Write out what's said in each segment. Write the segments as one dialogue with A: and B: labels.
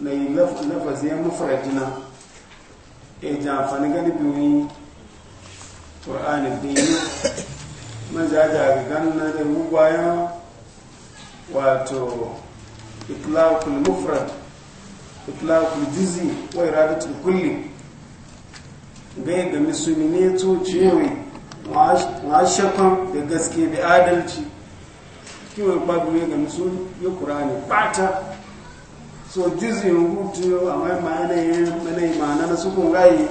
A: na yi lafazi ya mafarajina ya e, ji amfani gani biyu ƙwa'anin biyu majaja ga ganin da bayan wato itlaqul mufrad itlaqul jizi wai iradatul kulli gai ga musulmi to cewe wa shakon da gaske da adalci kiwon babu ya ga musulmi ya ne ɓata. so juzi rubutu a mai ma'ana yanayi na su kun gaye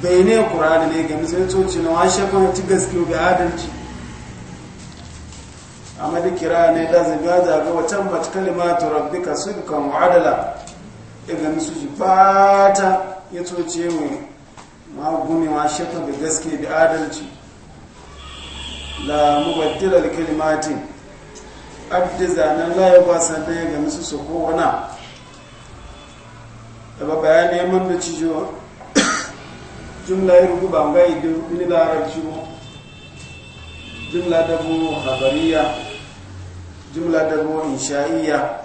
A: bai ne kurani ne ga misalitoci na washe ci gaske ga adalci amma da kira ne da zabiya zaga wacan mace kalimatu ka su kan wa'adala ga misu ji fata ya toce mai wani washe ga gaske da adalci la mubaddila da kalimatin abdi zanen layo ba da ya gami su ko wana da ba bayani ya manda cijo jumla ya rubu ba ga ido mini larabci mu jumla da bu habariya jumla da bu insha'iyya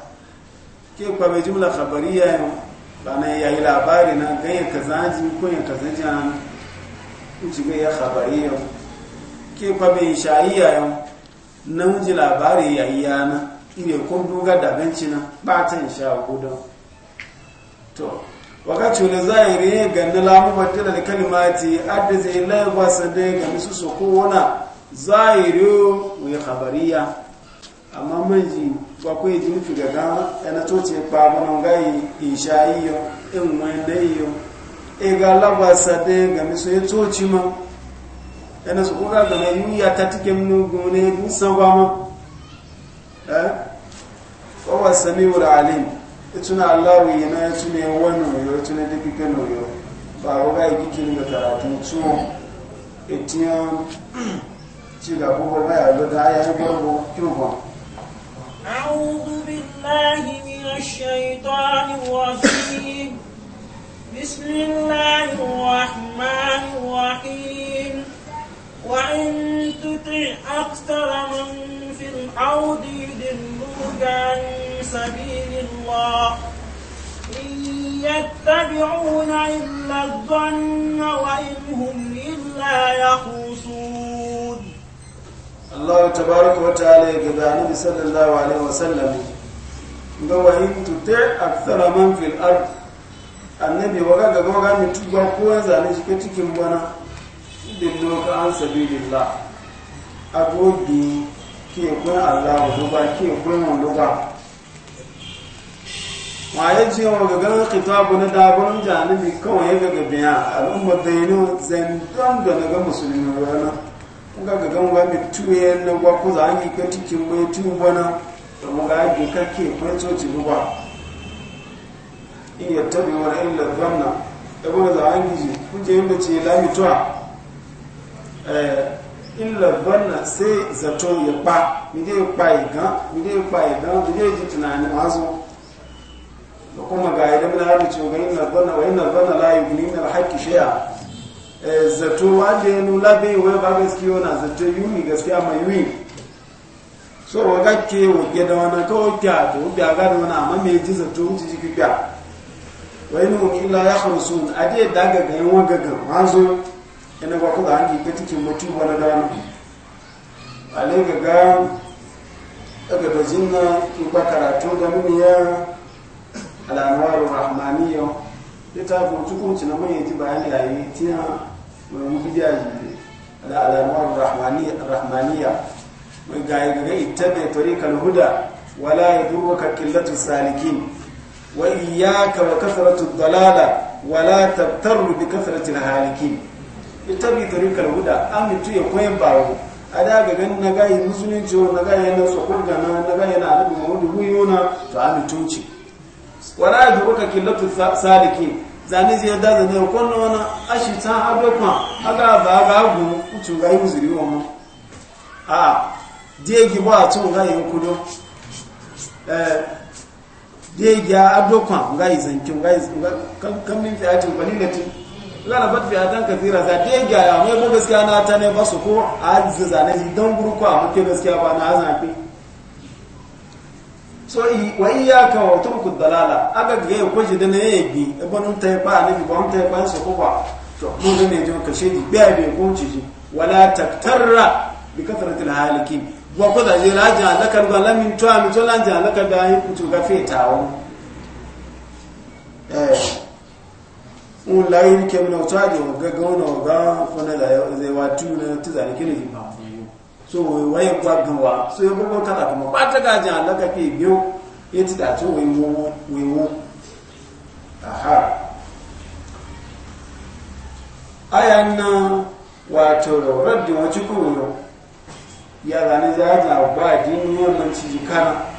A: ke kwabe jumla habariya yau ba na ya yi labari na ganyen kazaji ko yin kazaji an uci ga ya habariya ke kwabe insha'iyya yau namiji labari ya yi yana ire kun duga da binci na batan sha hudu. to waka wani zahiri ga na lamu batila da kalimati adda zai lai wasa da ga misu su kowana zahiri mai habariya amma manji ba ku yi ga gama yana toce ba mana gayi sha iyo in wani da iyo e ga labasa da ga ya ma ẹni sọ kúrò na náà yíyí àtàtìkẹ́ mú ogun ní ní sanwó amọ́ ẹ́ ọwọ́ sami wọ́n àlè ìtúnà aláwọ̀ yìí náà ìtúnà ẹwọ́ nìyọ ìtúnà dẹ́gbẹ́gbẹ́ nìyọ bá wọ́n bá yìí kí ga kàràtì tún wọn ètìyàn tí ìgbà púpọ̀ báyà lọ́dọ̀ ayé
B: وإن تطع أكثر من في الأرض يدلوك عن سبيل الله إن يتبعون إلا الظن وإن هم إلا يخوصون
A: الله تبارك وتعالى قال صلى الله عليه وسلم وإن تطع أكثر من في الأرض annabi وقال gaba waga mutu ba kowa zane shi ke cikin bana yudilluka an sabilillah agogi ki kun Allah wa ba ke kun mun luga wa ya ji wa ga kitabu na dabon janibi kawai ya ga biya al'umma bayinu zan don ga ga musulmi wannan ga ga ga ga tuye na gwa ku za ni ka mai tubana ga ga kake kai coci luga in yattabi wa illa dhanna da an gije kuje yin da ce lamituwa Eh, illa banna sai zato ya ba mi dai ba idan mi dai ba idan mi dai ji tunani mazo da kuma ga idan na rabu ce ga inna banna wa inna banna la yugni min al-haqqi shay'a eh, zato wanda ya nula bai wai ba gaskiya zato yuni gaskiya so wa gakke wa gida wani kawai kya to ji ina ba ku da an ga cikin mutum wani dana ale ga ga daga da zinna in ba karatu ga mini ya al'anwaru rahmaniyya littafin tukunci na mai ji bayan a yi tiya mai mafi ji a da al'anwaru rahmaniyya mai ga yi ga ita mai tarikar huda wala ya duba ka killatu salikin wa iyaka wa kasaratu dalala wala tabtaru bi kasaratil halikin itabi tarikal huda amitu ya koyin baro ada ga gan na ga yin musulunci wa na ga yin so kurga na na ga yin annabi Muhammad huyuna to an amitu ci wala yuruka killatu saliki zani zai da zane ko na ashi ta abokan aga ba ga gu mutu ga yin zuri wa mu a die gi ba tun ga yin kudo eh die gi abokan ga yin zanki ga yin kan min fiatin qalilatin lalabat fi hatan kathira za ta ga ya mai go gaskiya na ta ne ba su ko aziz za ne dan guru ko amma ke gaskiya ba na azan so i wa iyyaka wa turku dalala aga ga ko shi da ne yi ibn ta ba ne ba mun ta ba su ko ba to mun ne je ka shedi be be ko ci wala taktarra bi kathratil halikin wa ko da je laja lakar ba lamin to amin to laja lakar da yi kutu ga fetawo eh un layin ke muna ga da waga wa ga fana da zai wa tu na ta zane kini ji ba so wai ba gawa so ya gogo kala kuma ba ta gajin alaka ke biyo ya ti dace wewo wewo aha ayan nan wato da raddin wacce kuma yau ya ne za a ba dini yammanci kana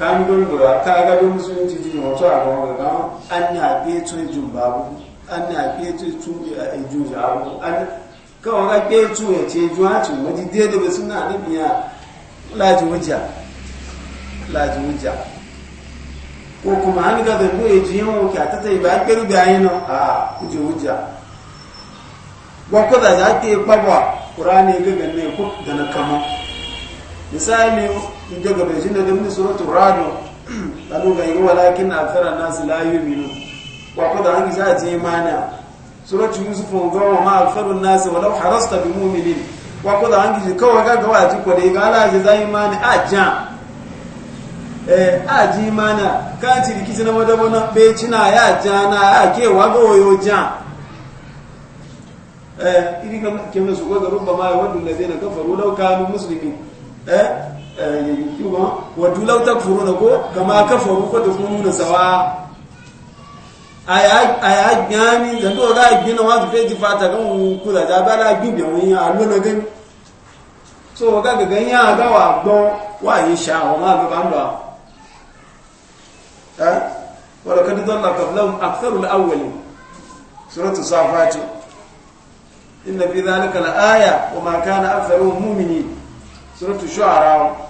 A: kan dungura ka ga dun musulunci ji wato a ga ga an na be to jun babu an na be to tun a jun jabu an ka ga be to ya ce jun a tun waji dai da suna da biya laji wujja laji wujja ko kuma an ga da ko e ji yawo ka ta tai ba ke rubi ayi a kuje wujja wa ko da za ta yi kwabwa qur'ani ga ganne ko da na kama misali inda ga jina jinna dimni sura rado tanunga ga lakini athara akthara nas la yu'minu wa qad an gisa ji mana suratu yusuf wa ma aktharu nasi wala harasta bi mu'minin kwa qad an gisa kawai ga gawa ji ko dai ga ala ji zai mana a ja eh a ji mana kan ci na madabona be cina ya ja na a ke wa ga yo ja eh ili kama kemin su ga rubba ma yawaddu alladhina kafaru law kanu muslimin eh kuma wadu lau takfuruna ko kama kafaru ko da kuma nuna sawa aya gani da ndo ga gina wa fe ji fata kan kula da ba la bi bi won ya lo gani. so ga ga gan ya ga wa gbon wa yi sha wa ma ga ban da eh la kad dalla qablahum aktharu al-awwal suratu safat inna fi dhalika la aya wa ma kana aktharuhum mu'minin suratu shu'ara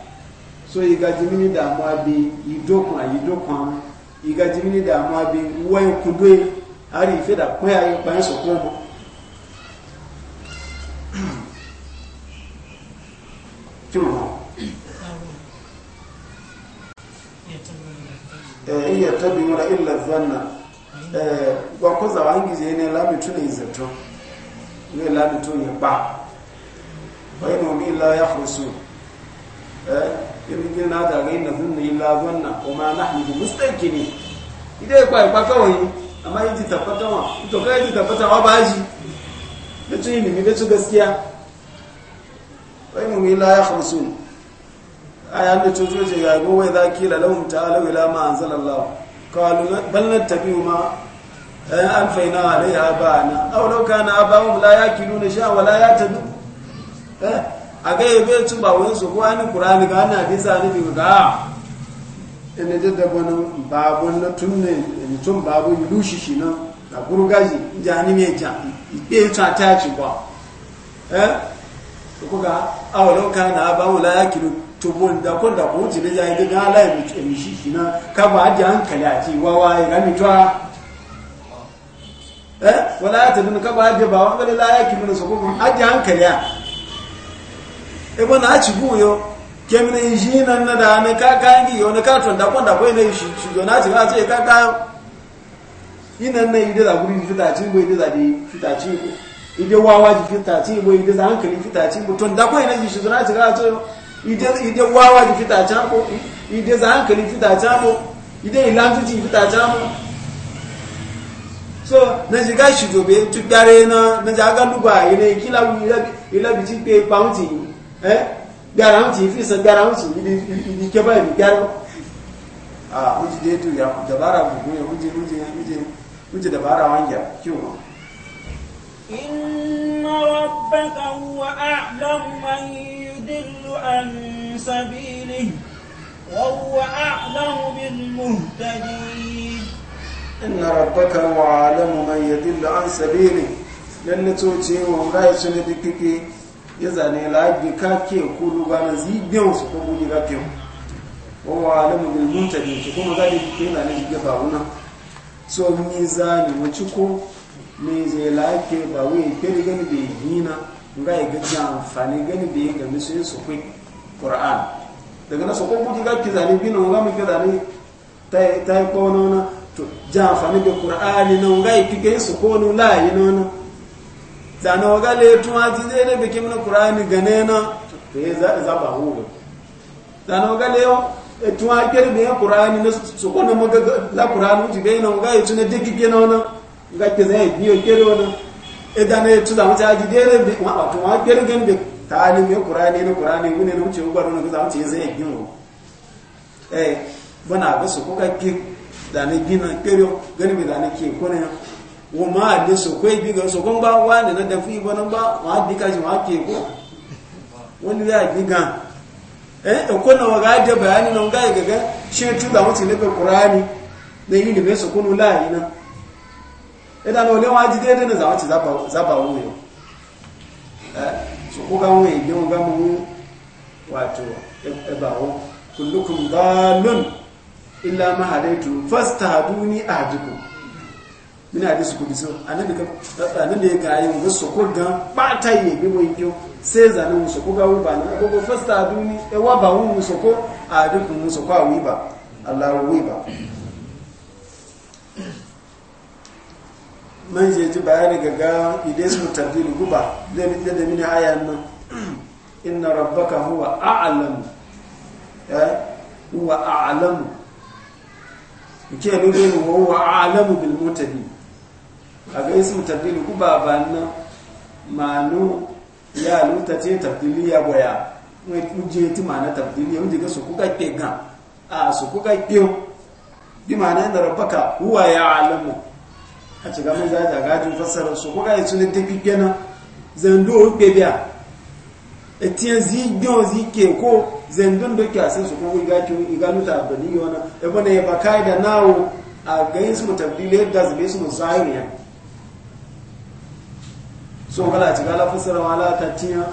A: so igaji mini damuwa bi idokwa idokwa igaji mini damuwa bi wai kudo e, hari ife da kwaya yi bayan su koma kima eh iya tabi mura illa zanna eh wa ko wangi je la mitu ne zato ne la mitu ne ba wa inna illa yakhrusun Eh? irin na daga yin nazin na yi lazon na kuma na hannu mustanki ne ita ya kwaye kwa kawai amma yi ji tabbatawa ita kawai ji tabbatawa ba ji da cin ilimi da ci gaskiya wai mu yi laya ya za ma eh, an faina la sha aga ebe tu ba wani su kuwa ni kurani ga ana hadisa ni bi ga ina je da bana babu na tunne tun babu lushi shi na na guru gaji ja ni me ja ipe ta ta ci ba eh ko ga awalo kana ba wala yakilu tubun da kun da kun jini ya yi ga ala mi shi shi na ka ba ji hankali a ci wawa ya ga mi twa eh wala ta dun ka ba ji ba wanda la yakilu su ko a ji hankali a ebe na achibu yo kemina yi na na da na ka ka ngi yo na ka to nda kwanda ko ina shi yo na achibu achi e ka ka ina na ide da guri fita chi bo ide da di fita chi bo ide wawa ji fita chi bo ide za hankali fita chi bo to nda ko ina shi yo na achibu achi ide ide wawa ji fita chi bo ide za hankali fita chi bo ide ilantu ji fita chi bo so na shiga shi gobe tuddare na na jaga luba ina kila ilabi ti pe paunti eh garanti fi garanti idi ke ba bi garo a ah, uji de tu ya dabara bu ne uji uji uji uji dabara wanja kiwo
B: inna rabbaka huwa a'lamu man yudillu an sabilihi wa a'lamu bil muhtadin
A: inna rabbaka huwa a'lamu man yudillu an sabilihi lalle to wa ga su ya zane lagi ka ke kulu ba na zibiyan su kuma ni gafe wawa alamu bil muntadi ki kuma gadi ke na ne ga ba wannan so ni zani mu ci ko me je lake ba wai kiri gani bai gina nga ya gaji amfani gani bai ga misu su kai qur'an daga na so ko buji ga ki zane bi na nga mu ke zane tai tai ko nona to ja amfani da qur'ani na nga ya kike su ko no la yi nona zane waga letun haji zai ne bikin na kurani gane na to ya zaba hudu zane waga lewa etun hakiyar biyan kurani na sokonin magaga la kurani wuce bai na waga ya tuna duk gina ona ga ke zai biyo kere wani idan ya tuna wuce haji zai ne bi wato hakiyar gani bi ta halin biyan kurani na kurani wune na wuce ugbar wani ga wuce zai gina wani eh bana ga su kuka ki zane gina kere gani bi zane ke yau. wo ma ade so ko ibi gan so ko ba wa ne na da fi bo na ba wa di ka shi wa ke ko Wani ni ya di gan eh ko na wa ga de bayani na ga ga ga shi tu da mutu ne be qur'ani ne yi ne be so ko nu la ina e da no le wa di de de na za wa ti za ba za ba wo eh so ko ga wo yi de wo ga mu wato e ba wo kullukum dalun illa ma hadaitu fastahaduni ahdukum mini hadisi ku biso annabi ka da ya kayi mu so ko ga ba ta yi bi mu yo sai zanu musu ko ga ba na ko ko fasta duni e wa ba mu musu ko a dukun mu so ko a ba Allah ba man je ji bayani ga ga idan mu tabdil guba da ni da mini ayan nan inna rabbaka huwa a'lam ya huwa a'lam kike ne ne huwa a'lam bil mutadin aga ismu tabdili ku babanna manu ya luta ce tabdili ya boya mu je ti mana tabdili mu diga su kuka ke gan a su kuka ke bi mana da rabbaka huwa ya alamu a ci ga mun za ta gaji jin fassara su kuka yi sunan tafi kenan zando ke biya etien zi gyo zi ke ko zendun do kya sai su ko ga ki ga luta abdili yona e bane ya bakai da nawo a ga ismu tabdili da zube su zahiriya so kala ci gala fasara wala ta tiya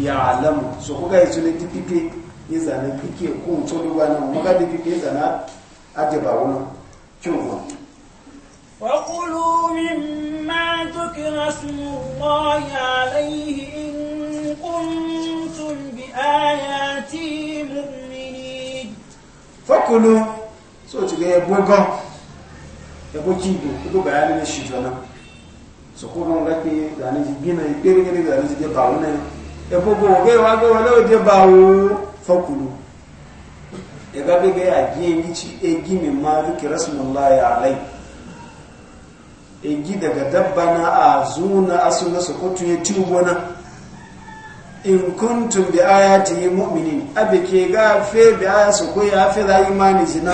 A: ya alamu so kuga yi tuni dikike yi zane kike ko to duwa na maga dikike yi zane adaba wani kyau ba
B: وَقُلُوا مِمَّا ذُكِرَ اسْمُ اللَّهِ عَلَيْهِ إِن كُنتُمْ بِآيَاتِهِ مُؤْمِنِينَ
A: فَكُلُوا so ci ga yabo gan yabo kibo ko bayani ne shi jona sukuru ga ke zane ji gina irin irin zane ji bawo wannan e gogo ga wa ko wala o je bawo wo fakulu e ga be ga ya gi ni ci e gi mi ma zikr rasulullahi alai e gi daga dabbana azuna asuna sukutu ya tubona in kuntum bi ayati mu'minin ke ga fe bi su ko ya fe ma ni zina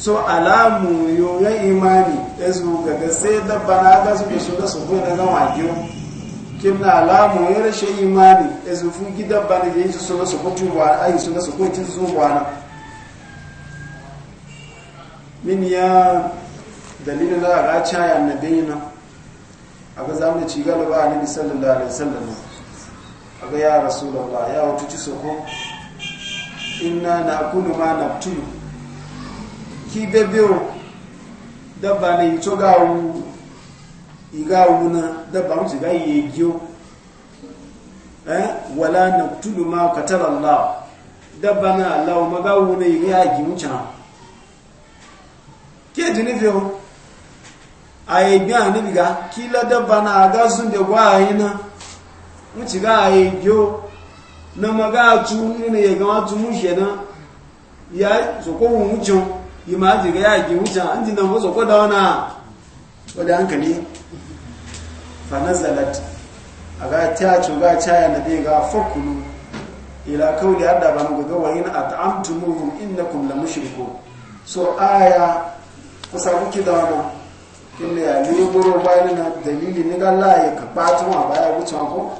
A: so alamu yoyon imani ezu gaga sai dabba na ga su da su da su kuma na kin na alamu ya rashe imani ezu fu gida ba na yayin su da su kuma tuwa ai su da su kuma cin zuwa wana min ya dalilin da ga caya a ga zamu ci galaba annabi sallallahu alaihi wasallam aga ya rasulullah ya wato su soko inna na kunu ma nabtulu ki bebe o dabba ne ito ga wu iga wu na dabba mutu ga yi egiyo eh wala na tudu ma katar Allah dabba na Allah ma ga wu yi ya gi mutu na ke ji nufi o a yi bi a nufi ga kila dabba na ga sun da gwa yi na mutu ga yi egiyo na ma ga tu ne ya ga mutu na ya so ko yi ma ji ga yaki wuce an ji nan wasu kwada wana wadda hankali fa nazalat a ga ta ga caya na bai ga fakulu ila da yadda ba mu ga wayin at'amtumuhum inda la mushrikun so aya kusa kuke da wani. kuma ya ni buru bayan na dalili ni ga laye ka kabatu ma baya wuce ko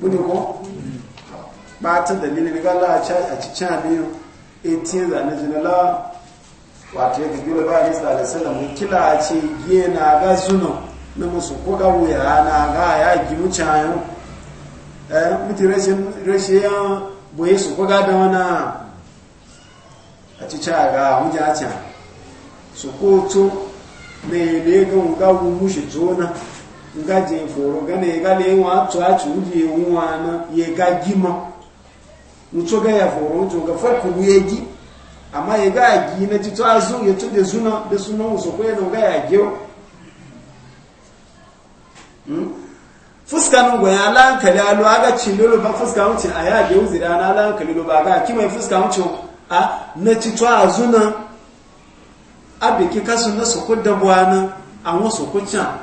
A: budu ko ba dalili ni ga laye a cikin abin biyu etin zane jinala wato ya gabi ba ni sallallahu alaihi kila ce giye na ga zuno na musu ko wuya na ga ya gi mucayo eh muti rashin rashin boye su ko da wana a ci ca ga mu ja ca su ko to ne ne ga zona ga je foro ga ne ga le wa to a ci mutu ga ya foro mutu ga farko yegi amma ya ga gi na ji to azu ya tude zuna da sunan so ko ya ga ya ge hmm fuska nun go ya lan kali alu aga cilulu ba fuska mun ci aya ge uzira na lan kali lo ba ga ki mai fuska mun ci a na ci to azu na abe ki kasu na so ko na awon so ko cha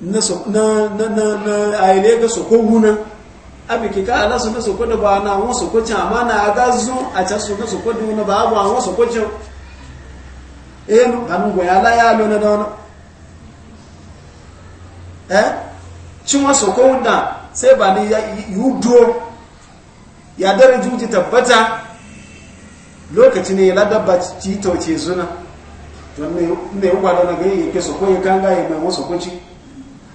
A: na so na na na aile ga so ko wuna abiki ka ala so so kodo ba na won so ko chan ama na aga zun acha so so kodo no ba wa won so ko chan eh no ala ya lo na no eh chuma so ko da sai ba ni ya yudo ya dare juji tabbata lokaci ne la dabba ci tauce zuna don ne ne uba da ga yake so ko kanga ya mai won so ko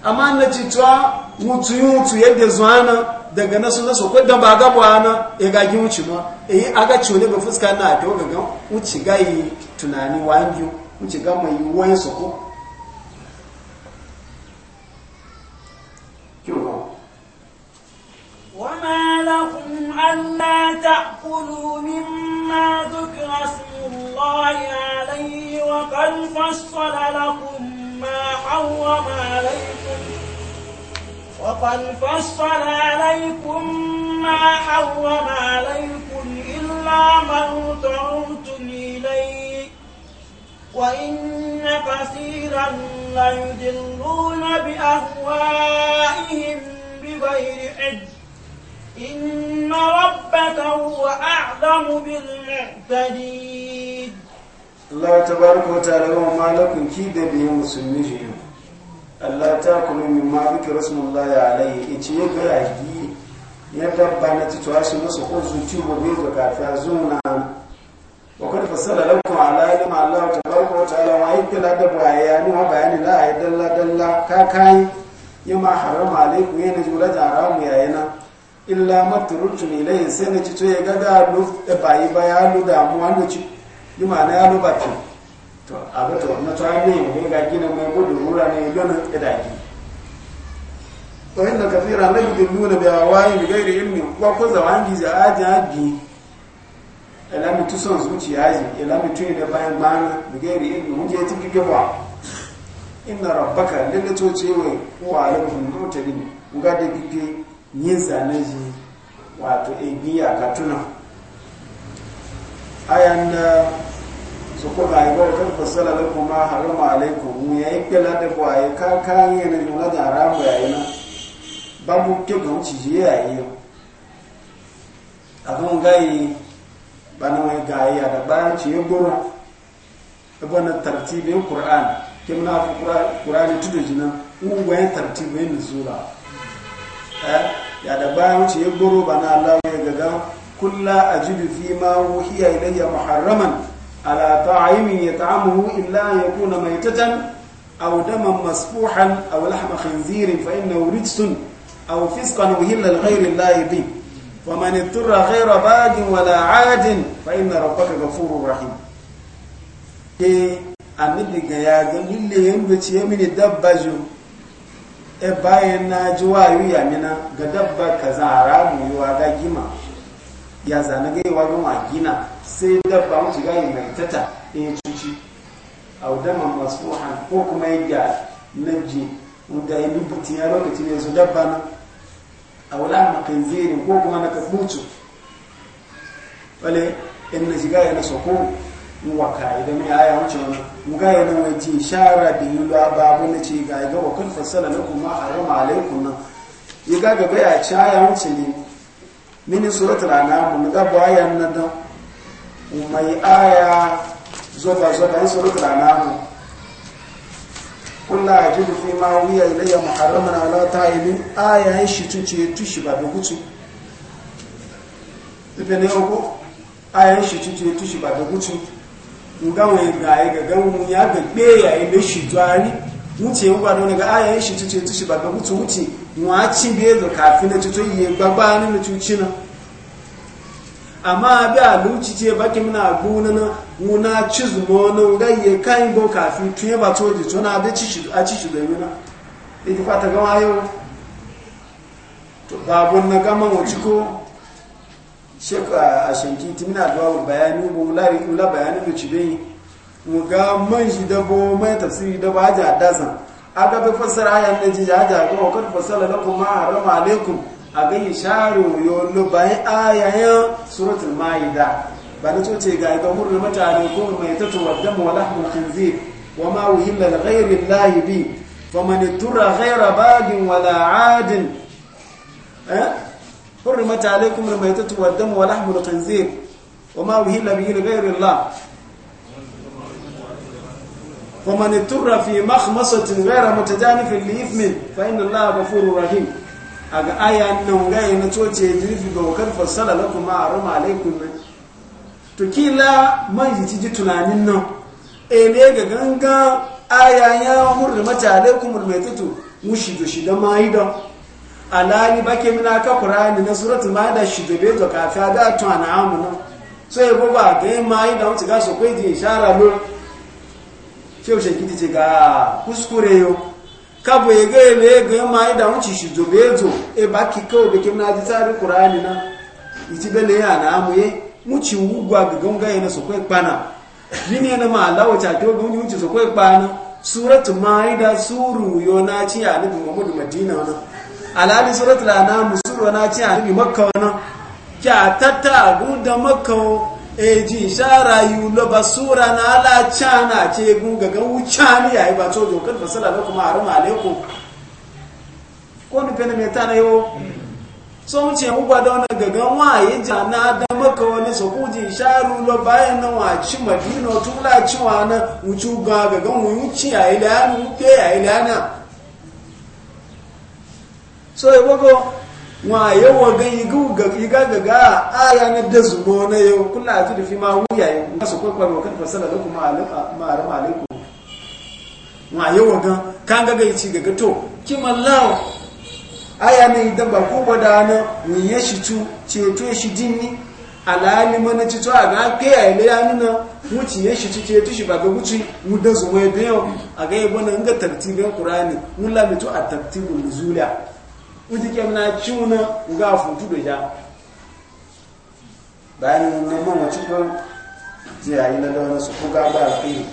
A: amma na ci tuwa mutu yutu yadda zuwa na daga nasu nasu ko da ba gaba na e ga gi wuce ma eh aga cione ba fuska na to ga ga wuce ga yi tunani wangi wuce ga mai wani su ko
B: وما لكم ألا تأكلوا مما ذكر اسم الله عليه وقد فصل لكم ما حرم عليكم وقد فصل عليكم ما حرم عليكم إلا ما اضطررتم إليه وإن كثيرا ليضلون بأهوائهم بغير علم إن ربك هو أعلم بالمعتدين
A: الله تبارك وتعالى وما لكم كيد به مسلمين Allah ta kuma min ma biki rasulullahi alaihi ci ya ga yaki ya dabba na tituwa shi masu ko zuci ba bai da kafiya zuna wa kuma fasala lakum ala ilma Allah tabaraka ta ta'ala wa kila da yi wa bayani la yi dalla dalla ka kai ma harama alaikum na jula da yi na. illa ne ilayhi sai na ci ya ga da bayi baya lu damuwa lu ci ma na ya lu ba to abu to na to ne ga gina mai gudu rura ne lona edaki to inna kafira la bi awayi bi ilmi wa ko zawangi za aji aji ne bayan bana bi ilmi mun je tiki gaba inna rabbaka lalle to ce wai ko ga da gike yin zanaji wato egiya katuna ayan da eh, su kuma bai kan fasala da kuma harama alaikum mu yayi kila da ko ayi ka ka ne ne mu da haramu yayi na babu ke ga ci je yayi abun gai na mai gai ya da bayan ci gora ibn tartibin qur'an ke muna fi qur'ani tudu jina ya tartibin nuzula ya da bayan ya goro bana Allah eh? ya gaga a ajidu fi ma wuhiya ilayya muharraman على طعام يطعمه إلا أن يكون ميتة أو دما مسفوحا أو لحم خنزير فإنه رجس أو فسقا وهل الغير الله به ومن اضطر غير باد ولا عاد فإن ربك غفور رحيم annabi ga ya ga lille yanda ce ya mini dabba ju e bayan na ji wayo ya zane gaiwa ga wagina sai dabba wuce gayi mai tata in eh, cuci a masu masfuhan ko kuma yadda naji wanda yi lubutin ya lokacin yanzu dabba na a wula makin zirin ko kuma na kafucu wale in na shiga yana soko waka idan ya aya wuce wani muga yana ji shara da yi babu na ce ga ga wakil fassara na kuma harama alaikun nan ya ga gaba ya ci aya wuce ne mini suratul anam mu ga bayan na dan mai aya zoba zoba in suratul anam kullu ajidu fi ma wiya ilayya muharraman ala ta'imin aya ya shi tuce tushi ba da gutu ibe ne ogo aya shi tuce tushi ba da gutu nga wai ga ga ga mu ya ga gbe ya ile shi jari wuce ngwa don ga aya ya shi tuce tushi ba da gutu wuce wọn a cin biye zo kafin da cuto yi gbagba ni da na amma abi a luci ce baki muna guna na wuna na ga yi kan go kafin ba to ji a da ci a ci da yuna idi fata na gama wuci ko shek a shanki timina da wawo bayani bu lari kula bayani ci aga bai fassara ayan da ji jaja ga wa kad fassala lakum ma alaikum aga isharu yo lo bai ayayan suratul maida ba na ce ga ga hurri mutane ko mai tatu wa wa khinzir wa ma uhilla li ghairi llahi bi faman itura ghaira bagin wala adin eh hurri mutane mai tatu khinzir wa ma uhilla ghairi فمن اضطر في مخمصه غير متجانف للاثم فان الله غفور رحيم aga aya nan gaya na coce jirfi ga wakar fassara na kuma a rama alaikun nan tukila man yi ciki tunanin nan e ne ga ganga aya ya murda mace alaikun murmai tutu mushi da shiga ma yi don alani bake mina ka kura ni na surat ma da shiga bai da kafa da tuwa na amu nan so ya gaba ga ma yi don su gasa kwai ji ishara shehu shakiti ce ga ah, kuskure yau kabo ya ẹgbẹ́ ẹgbẹ́ ẹgbẹ́ ma ya damu ci shi zobe e ba ki kawo da na ji tsarin kurani na iti bele ya na amuye muci wugwa ga gangaye na su suru yo na ci a nabi muhammadu madina wani na a tatta gudan makka eji yi yulo basura na ala chana ce gunga ga wucani yayi ba to dokar fasala da kuma haram alaikum ko ni pene me tana yo so mu ce mu gwada wannan gagan yi jana da maka wani so ku ji lo bayan nan wa ci madina tula ci wa na wucu ga gagan mu wuci yayi da mu ke yayi da na so e wa yawa gan yi ga iga gaga aya na da zubo na yau kuna a tudufi ma wuya yau kasu kwakwaro kan fasala da kuma alaka ma arama alaikum wa yawa gan kan gaga yi ci gaga to kiman lawo a yanar idan ba ko ba da na ni shi tu ceto shi dini alali mana ci to a ga ke ya ile ya nuna wuci ya shi ci ceto shi ba ga wuci mu da zubo ya biyo a ga yabo na ga tartibin kurani mun la to a tartibul nuzulia ujike na ciwuna ga futu da ja bayan ne mama cikin ji a yi na da wani su ga ba a fiye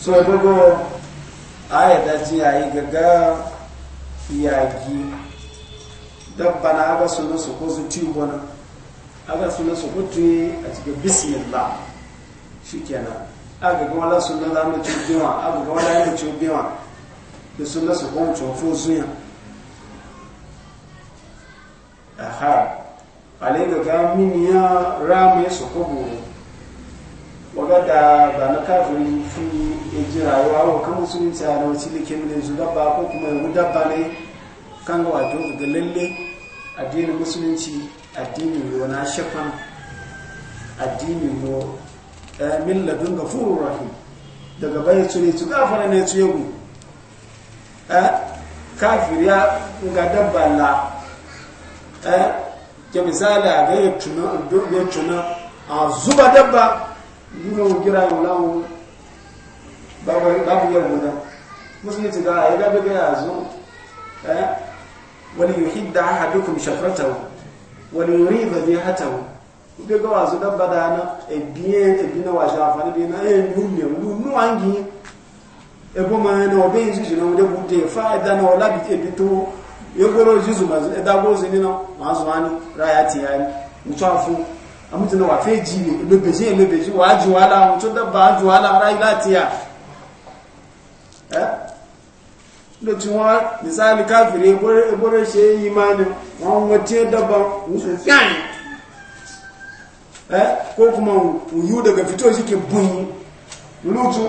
A: so ya gugu a yi da ji a ga gaga yagi dabba na aga suna su ko su ci wani aga suna su kutu a cikin bismillah shi kenan aga ga wala suna za mu ci biwa aga ga wala yi mu ci biwa yesu na sɔkɔ ŋutsɔ fo zuya aha ale gaga miniya ram ye sɔkɔ bo waga da ba na kafiri fi eji rayuwa wa kan musulunci da wasu cile kemile su dabba ko kuma yanzu dabba ne kan ga wato daga lalle addinin musulunci addinin yau na shafan addinin yau milladun furu rahim daga bayan cire su gafara ne su yagu kafir ya ga dabba la ke misali a ga ya tuna ya tuna a zuba dabba nuna wugira yau lawo babu yau guda musulunci ga ya gabe ga ya zo wani yuhidda ahadukum shafratahu wani yuridu bihatahu ube ga wazo dabba da na ebiye ebi na washe amfani bi na yi ume nu nu angi ebo maana obe injiji na wode bude faida na wala bi ebitu yogoro jizu ma da gozi ni no mazo ani raya ti ani mutafu amuti na wa feji ni ebebeji ebebeji wa ju ala mutun da ba ju ala rai lati ya eh lo ti won misali kafiri ebore ebore se imani won won ti da ba musu kan eh ko kuma uyu daga fito shi ke bunyi lutu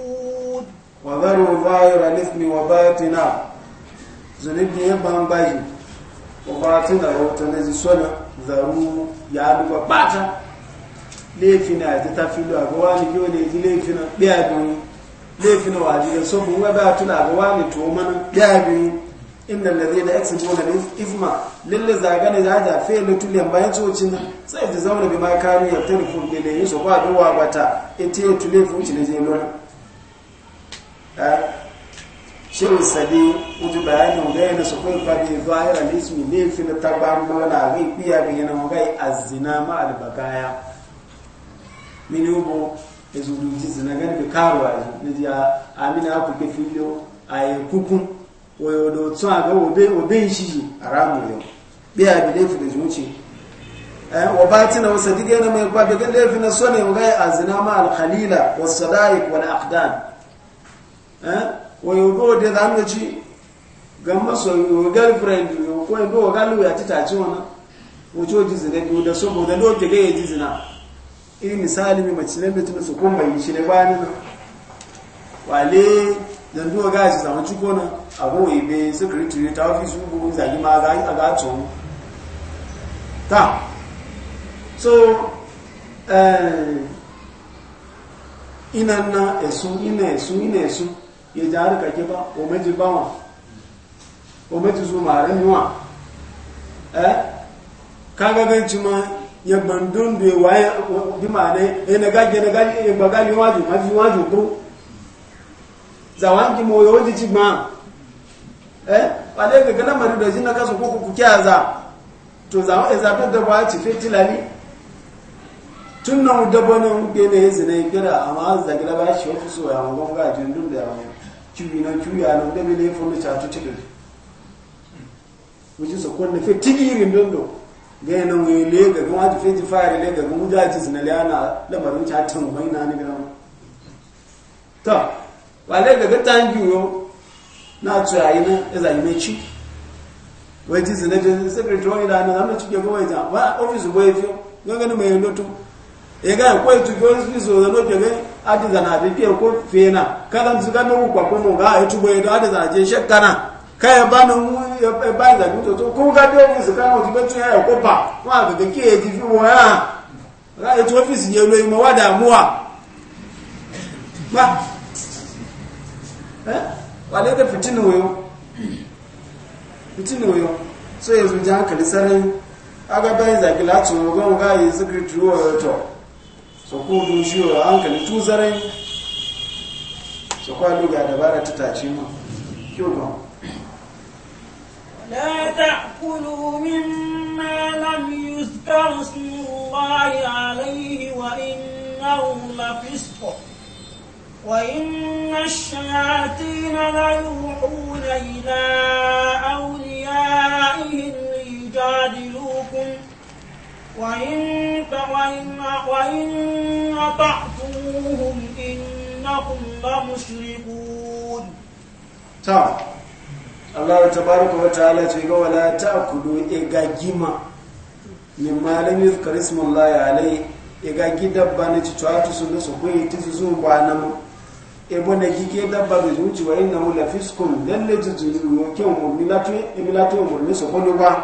A: wa zaru zahira lismi wa batina zunubi ya bambaji wa batina wata na ji sona ya duka bata laifina ya ta filo a gawa ni yau ne biyu laifina wa jiran sabu wa ba a gawa ni to mana ɗaya biyu inda da zai da ya tsibo da isma lalle zagane da haja fiye da tuliyan bayan tsocin nan sai ta zaune bi ma kanu ya tarifin da ne yi su kwa duwa bata ita ya tulefin ci na je lura shirin sabi wuce bayanin gaya na sukun fadi zahir al-ismi ne fi na tabbambo na gai fiya ga yana a azina ma albagaya min yubo ya zuru ji zina gani da karuwa na ji amina aku ke filo a yi kukun wayo da tun a obe shi a ramu yau biya bi da zuci wa yana mai kwabi ga laifi na so ne gai ma wòyìnbó òde dámẹ́jì gàmọ́sọ̀ ìwò gẹ́lìfrẹ̀ndì òkú ẹgbẹ́ ọ̀gálùwẹ̀ àti tààtí wọn wọ́n tí ó dìzì lẹ́bi ó dẹ̀sọ́ bọ̀ dẹ̀lú òkèlè yẹ dìzì náà iri misali mai mace lambe tun su kuma yi shi ne ba ni wale da duwa gashi samu ciko na abu ibe secretary ta office ugu zagi ma ga a ta so eh ina na esu ina esu ina esu ye ja harka ke ba o meji ba wa o meji su ma ran wa eh ga gan ci ma ya bandun be waye bi ma ne e eh, na gaje na gaje e eh, ba ga ni wa ju ma ju wa ju ko zawan ki mo yo ji ci ma eh pale ga gana mari da jin na kasu ko ku kya za to za e za ta da ba ci fetilani tun nan da bane mu ke ne zine kira amma zagila ba shi ofiso ya mu ga jindun da ya mu tibi na juya na da mele laifin na cacu cikin wuji so ko ne fe tigirin dondo ga yana we lega ga ga ji fe lega fare le ga mu ja ji zina le ana da mai na ni gina ta ba wale ga ga tan juyo na tsayi na iza yi mai ci wajen zinajen secretary da na zama cike gawai jan ba ofis gwaifin fiyo mai yi lotu ya ga kwai tuke wani fiso da lotu ya adi zana bi ke ko fena kalam su ga nuku kwa ko ga ya tubo ya adi zana je shekana kai ba nan ya ba za ku to ko ga do mu su kana ti betu ya ko pa wa ga ga ke ti fi wa ra ya to office ye lo mo wa da muwa ba eh wale da fitinu wayo fitinu wayo so yanzu ji hankali sarai aga bayan zaki latu ga ga yi zikri tuwo to so ko dun shi yo hankali tu zarai so kwa duga dabara ta tace mu kyau ba
B: لا تأكلوا مما لم يذكر اسم الله عليه وإنه لفسق وإن الشياطين ليوحون إلى أوليائهم ليجادلوكم وإن وإن أطعتموهم إنكم لمشركون
A: تعال الله تبارك وتعالى تقول ولا تأكلوا إيجاجيما مما لم يذكر اسم الله عليه إيجاجي دبا نتشواتو سنة سكوية تزوزو بانما ebo na gike dabba da zuci wa innahu lafiskun lalle jujuru yau kyan murni latu emilatu murni sokodo ba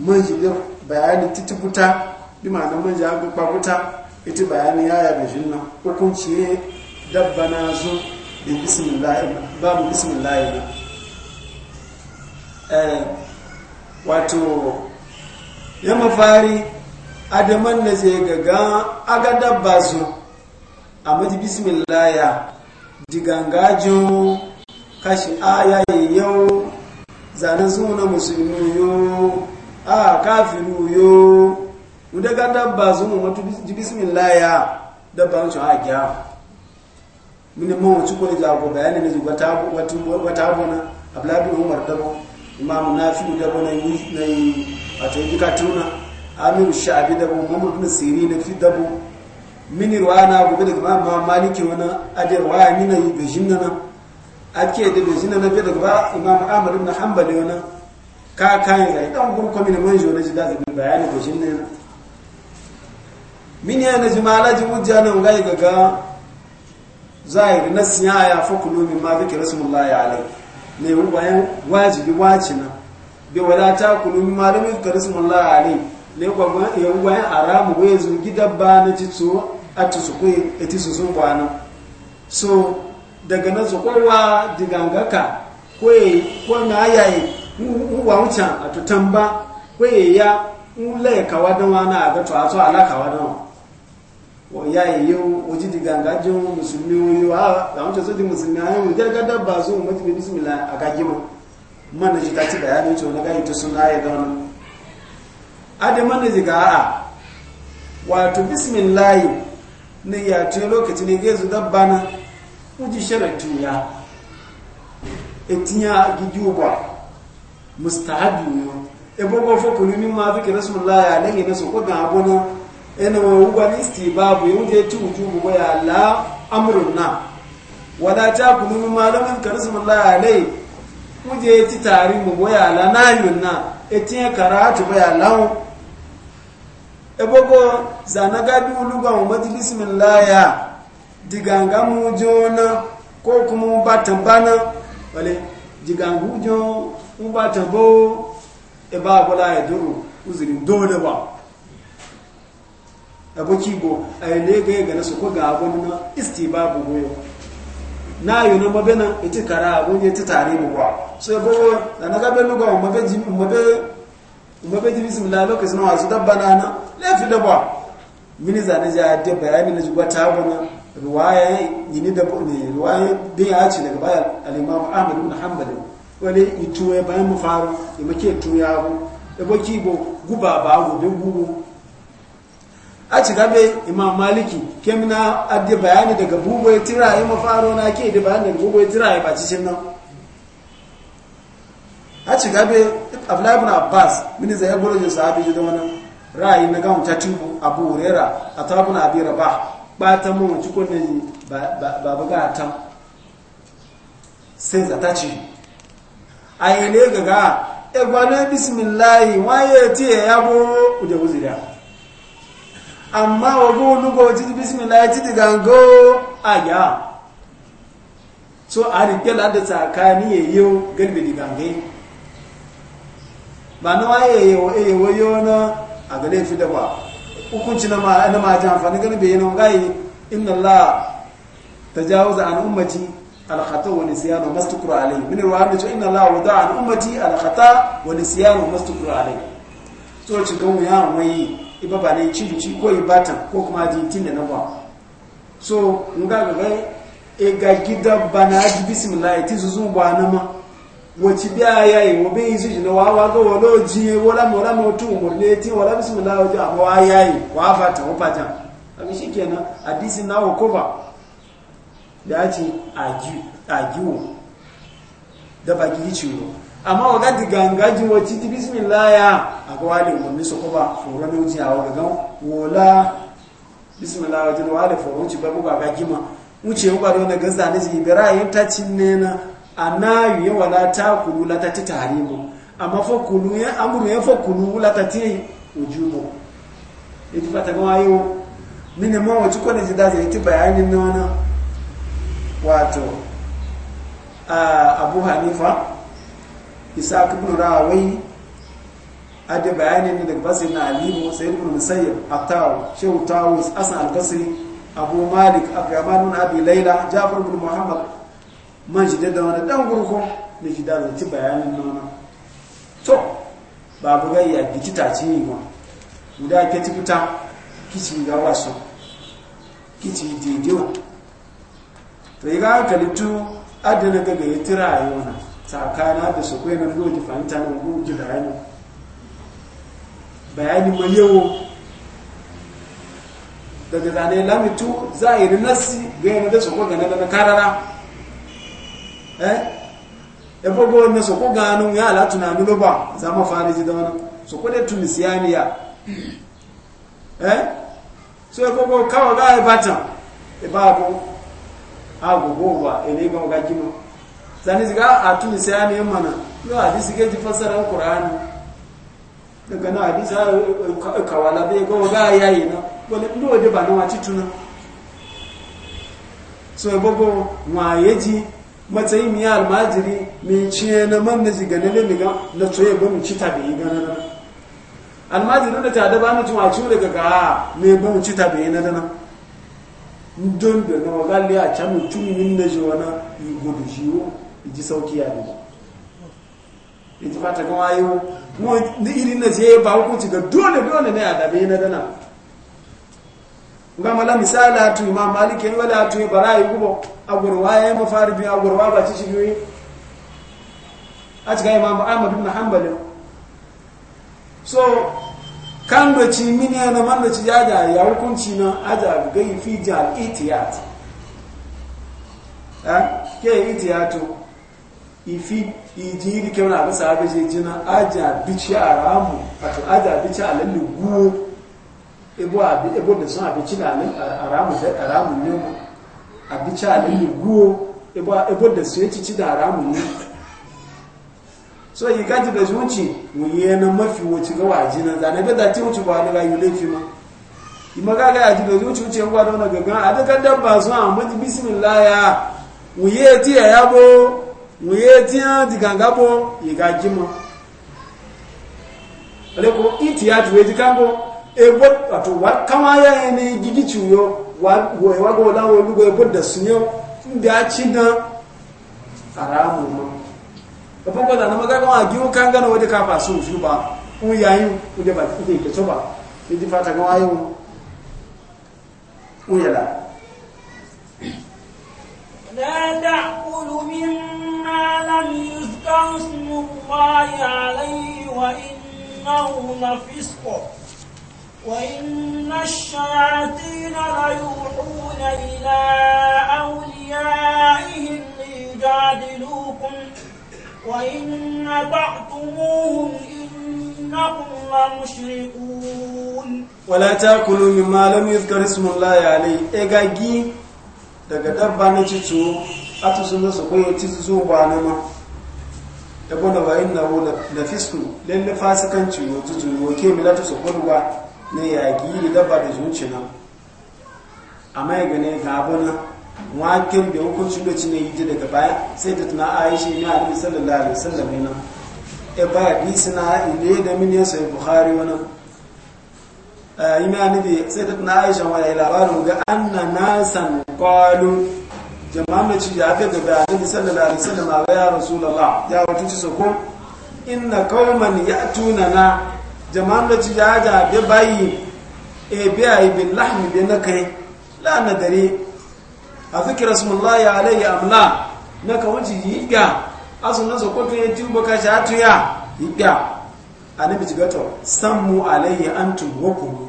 A: manji da bayani titibuta bi ma'anar manji ya gaba wuta ita bayani ya da shi nan hukunci ne dabba na zo da bismillahi babu bismillahi na eh, wato ya mafari adaman da zai gaga aga dabba zo a maji bismillaya digangajin kashi ayayi yau zanen zuwa na musulmi yau Ah, a kafiru yo muda ga dabba zo mu mutu bismillah ya dabba mu a gya mini mu ci ko ja go bayani ne zuwa ta wata wata bona ablabi umar dabo na nafi dabo na yi na yi wato yi ka tuna amir sha'abi dabo mamud bin sirin fi dabo mini ruwana gobe daga imam maliki wani adir waya mina yi bejin na. ake da na nan daga imam ahmad ibn hanbali wani ka kayan zai dan gun kwami na shi na jida zagin bayani ko shin na min yana ji malajin wujja nan gai gaga zahiri na siya ya fa kulu min ma zikir rasulullahi alai ne bayan wajibi wacina bi wala ta kulu min ma lam yuzkar rasulullahi alaihi ne kwa ne ya bayan aramu zuwa gidan ba na jitso atisu ko etisu sun kwana so daga nan su kowa digangaka ko ko na yayi ngwa wucan a tutan ba ya nle kawa don wani a gato a to ala kawa don wa ya yi yau wajen di gangajin musulmi yi wa a wancan su di musulmi a yau jirga dabba su umarci da bismillah a kage mu mana ji ta ti da yaro na wani gani suna ya gano adi mana ji ga a wato bismillah ne ya ce lokaci ne gezu dabba na uji sharar tuya etinya gidi ubuwa mustahabi yo ebo go fo kunu ni ma ya nahi na so ko ga abona ena wa ugwa ni bu yo je tu ju go ya la amrunna wala ta kunu ma lam ka rasulullah ya nahi mu je ti tari mu go ya la na yunna etin karatu go ya la ebo go zanaga bi ulugwa mu majlis min la ya diganga mu jona ko kuma batan bana wale digangu jona in ba ta bo e ba gula ya duru uzurin dole ba aboki bo a yi ne gaya gane su kuga abin na isti bu goyo na yi na mabe na, iti e kara abin ya e ti tare mu ba so ya e bayo da na gabe luga wa mabe jimi mabe mabe jimi su su dabba na na laifin da ba mini zane a dabba bayani na jigwa ta na ruwaya yini da ne ruwaya da ya ci daga bayan alimamu ahmadu na ibn wani ituwe bayan mu faru da e muke tuya abu da e baki bo guba ba abu bin gugu a ci gabe imam maliki kemina adde bayani daga bugu ya e tira ya faru na ke da bayani daga bugu ya tira ya baci cin nan a ci gabe abdullahi ibn abbas mini zai yabo da sahabi ji da wannan ra'ayi na gamu ta tubu abu rera a tabuna abi raba ba ta mun ci ne ba ba ga ta sai zata ci ayele gaga egwana bismillahi waye ti e yabo uje uzira amma ogo lugo ti bismillahi ti gango aya so ari ke lada tsakani yeyo galbe di gange ba no waye yeyo yeyo yona agale fi da ba hukunci na ma na ma jan fa ne galbe yana ngai inna allah tajawaza an ummati الخطا والنسيان وما استكر عليه من الوهم ان الله وضع عن امتي الخطا والنسيان وما استكر عليه so ci gamu ya mai iba ba ne ci ci ko ibata ko kuma ji tinda na ba so nga ga e ga gida bana ji bismillah ti zuzu ba na ma wati bi aya yi wo be izu na wa wa go wo lo ji wo la mo la mo tu mo le ti wo la bismillah wo wa aya yi wa fa ta wo pa ta abi shikenan hadisi na wo ko ba da ce agiwo da baki yi ciwo amma wa gadi gangajin wacce ti bismillah ya a ga wale su kuma foro ne wuce a wa wola bismillah wajen wale foro wuce ba buga ga gima wuce ba da wani gaza na ji bera yin ta nena. na a na yi wala ta kulu lata ti tare mu amma fa kulu ya amuru ya fa kulu la ta ti ujubu ita fata ga yi wo ma wacce kwanin da zai ti bayanin na wani wato abu hanifa isa ibn rawai a da bayanin da daga basir na alimu sai ibn musayyib atawu shehu tawus asan al-basri abu malik abdurrahman ibn abi laila jafar bin muhammad man shi da wani dan gurgun da shi da zanci bayanin nona to babu gayya dikita ci ne ma guda ke ci kici ga wasu kici daidai to kalitu adana daga ya tira a yau na tsakana da su kwaye na goji fahimta na goji bayani bayani mai yawo daga zane lamitu za a yi nasi ga yana da su kwaga na karara eh ebogo na su kwaga hannun ya ala tunani lo ba za mu fara ji da wani su kwade tunisiyaniya eh so ebogo kawo ga ya batan ibabu agogowa ele ga ga kimo zani ziga ah, atumi sai ne mana no hadisi ke ji fasara qur'ani daga ah, na hadisi kawala be go ga yayi na wala ndo de ba na wati tuna so e bogo mwayeji yeji matsayi mi almajiri mi ciye na man ziganele ziga ne ga na toye ba mu ci tabi ga na almajiri da ta da ba mu ci wa ci daga ga me ba mu ci tabi na dana na ndondo na wagali a can mutum yin na ji wani yi gudu shi wo ji sauki ya gudu in ji fata gama yi wo kuma irin na je ba hukunci ga dole dole ne a dabe na dana gama la misali a tuyi ma maliki ne wala a tuyi bara yi gubo a gurwa ya yi mafari biyu a gurwa ba ci shi biyu a cika imamu ahmadu na hanbalin so kan da ci mini yana man da ci ya ga ya hukunci na aja gai fi ja itiyat eh ke itiyato ifi iji ri ke wani abin shi jina aja bici a ramu wato aja bici a lalle guwo ebo abi ebo da sun abici na a ramu da ramu ne mu abici a lalle guwo ebo da su ya ci da ramu ne so yi gaji da zuci mu yi na mafi wuce ga waji na zane bai da tiwuci ba da rayu laifi ma yi magana ya ji da zuci wuce yan gwada wani gaggan a dukkan ba su a maji bismillah ya mu yi tiya ya bo mu yi tiya diganga bo yi gaji ma aleko iti ya tuwe ji kango ebo wato kama ya yi ne gigi ciwo wa ga wala wani lugu ebo da sunyo inda ya ci na haramun ma kafin kwa zana maga kama giwu kan gana wajen kafa su su ba kun yayin kuje ba kuke ke so ba sai ji fata gawa yau uyala
B: لا تأكلوا مما لم يذكر اسم الله عليه وإنه لفسق وإن الشياطين ليوحون إلى أوليائهم ليجادلوكم وإن أطعتموهم إنكم لمشركون
A: ولا تأكلوا مما لم يذكر اسم الله عليه daga dabba na cicu a tusun da su koyo ci zuwa na ma da gwada bayan na wula da fisku lalle fasikanci wato juyo ke ta su kurwa na yagi dabba da zuci nan, amma ya gane ga abu wakin da hukuncin da cin yi daga baya sai da tuna aisha ne a nabi sallallahu alaihi wasallam ne e baya bi suna ile da min ya sai bukhari wannan eh ina sai da tuna aisha wani ya labarin ga anna nasan qalu jama'an da ci ya ga da nabi sallallahu alaihi wasallam ga da rasulullah ya wato ci sako inna ya ya'tunana jama'an da ci ya ga da bayi e a zikira sumullahi alayhi amla na ka wuce yi ga asu na so kotu ya tuba ka sha tuya yi ga nabi jigato sammu an antum wakum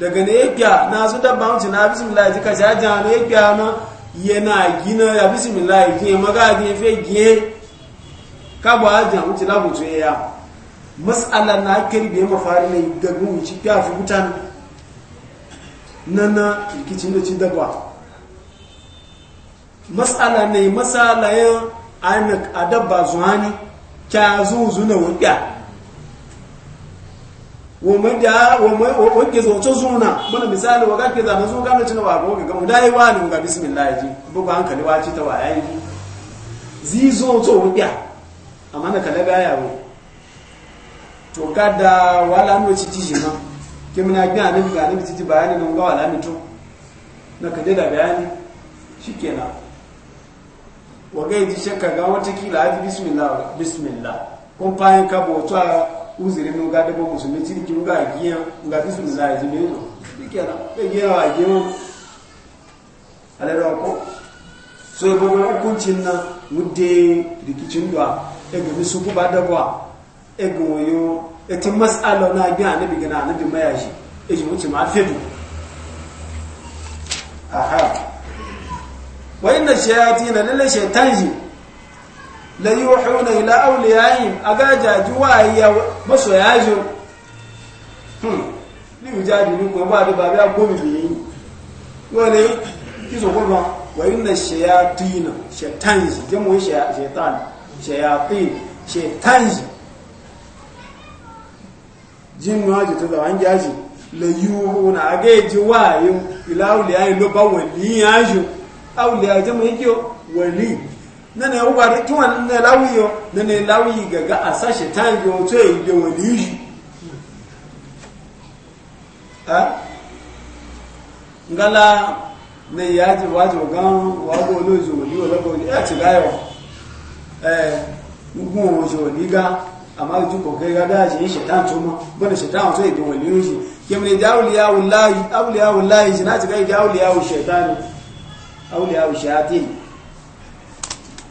A: daga ne yake na su dabba wuce na bismillah jika sha jana yake na yana gina ya bismillah ke magadi fe giye ka a jan wuce labutu ya mas'ala na kirbe mafari ne gagun wuce ya fi na nana rikicin da ci dabba matsala ne matsalayin a dabba zuwani kya zuzu na wuɗa wanke zoce zuna muna misali waga ke zana zuwa gano cina wago ga gamu da yi wa ne waga bismillah ji bugu hankali wace ta waya yi zi zo wuɗa amma na kala ga yawo to kada wala mu ci ma na muna gina ne ga ne ci bayani nan ga wala mito na kaje da bayani shikenan waga ji shakka ga watakila haji bismillah bismillah kun fayin ka bautu a uzuri nu ga dabo musulmi ciki ga giya ga bismillah ji ne no dike na ga giya wa giya alero ko so e bo ga hukuncin na mudde rikicin da e ga su ku ba dabo e ga wayo e tin mas'ala na ga annabi ga annabi mayashi e ji mutum a fedu aha wa inna shayatin lalle shaytanji la yuhuna ila awliyahim aga jaju wa ya maso yajo hmm ni ujaji ni ko ba ba ba ko mi wale kizo ko ba wa inna shayatin shaytanji jamu shaytan shayatin shaytanji jin waje ta zaman jaji la wa awliya jamu yake wali na ne uba da tuwan na lawiyo na ne lawi gaga a sashe ta yi wato yi wali yi. ha ngala ne ya wajo gan wago lozo wali wala ko ya ci gayo eh ngun wali ga amma ju ko ga da shi shaitan to ma bane shaitan wato yi da wali yi. kemne da awliya wallahi awliya wallahi shi na ci ga auliya shayatin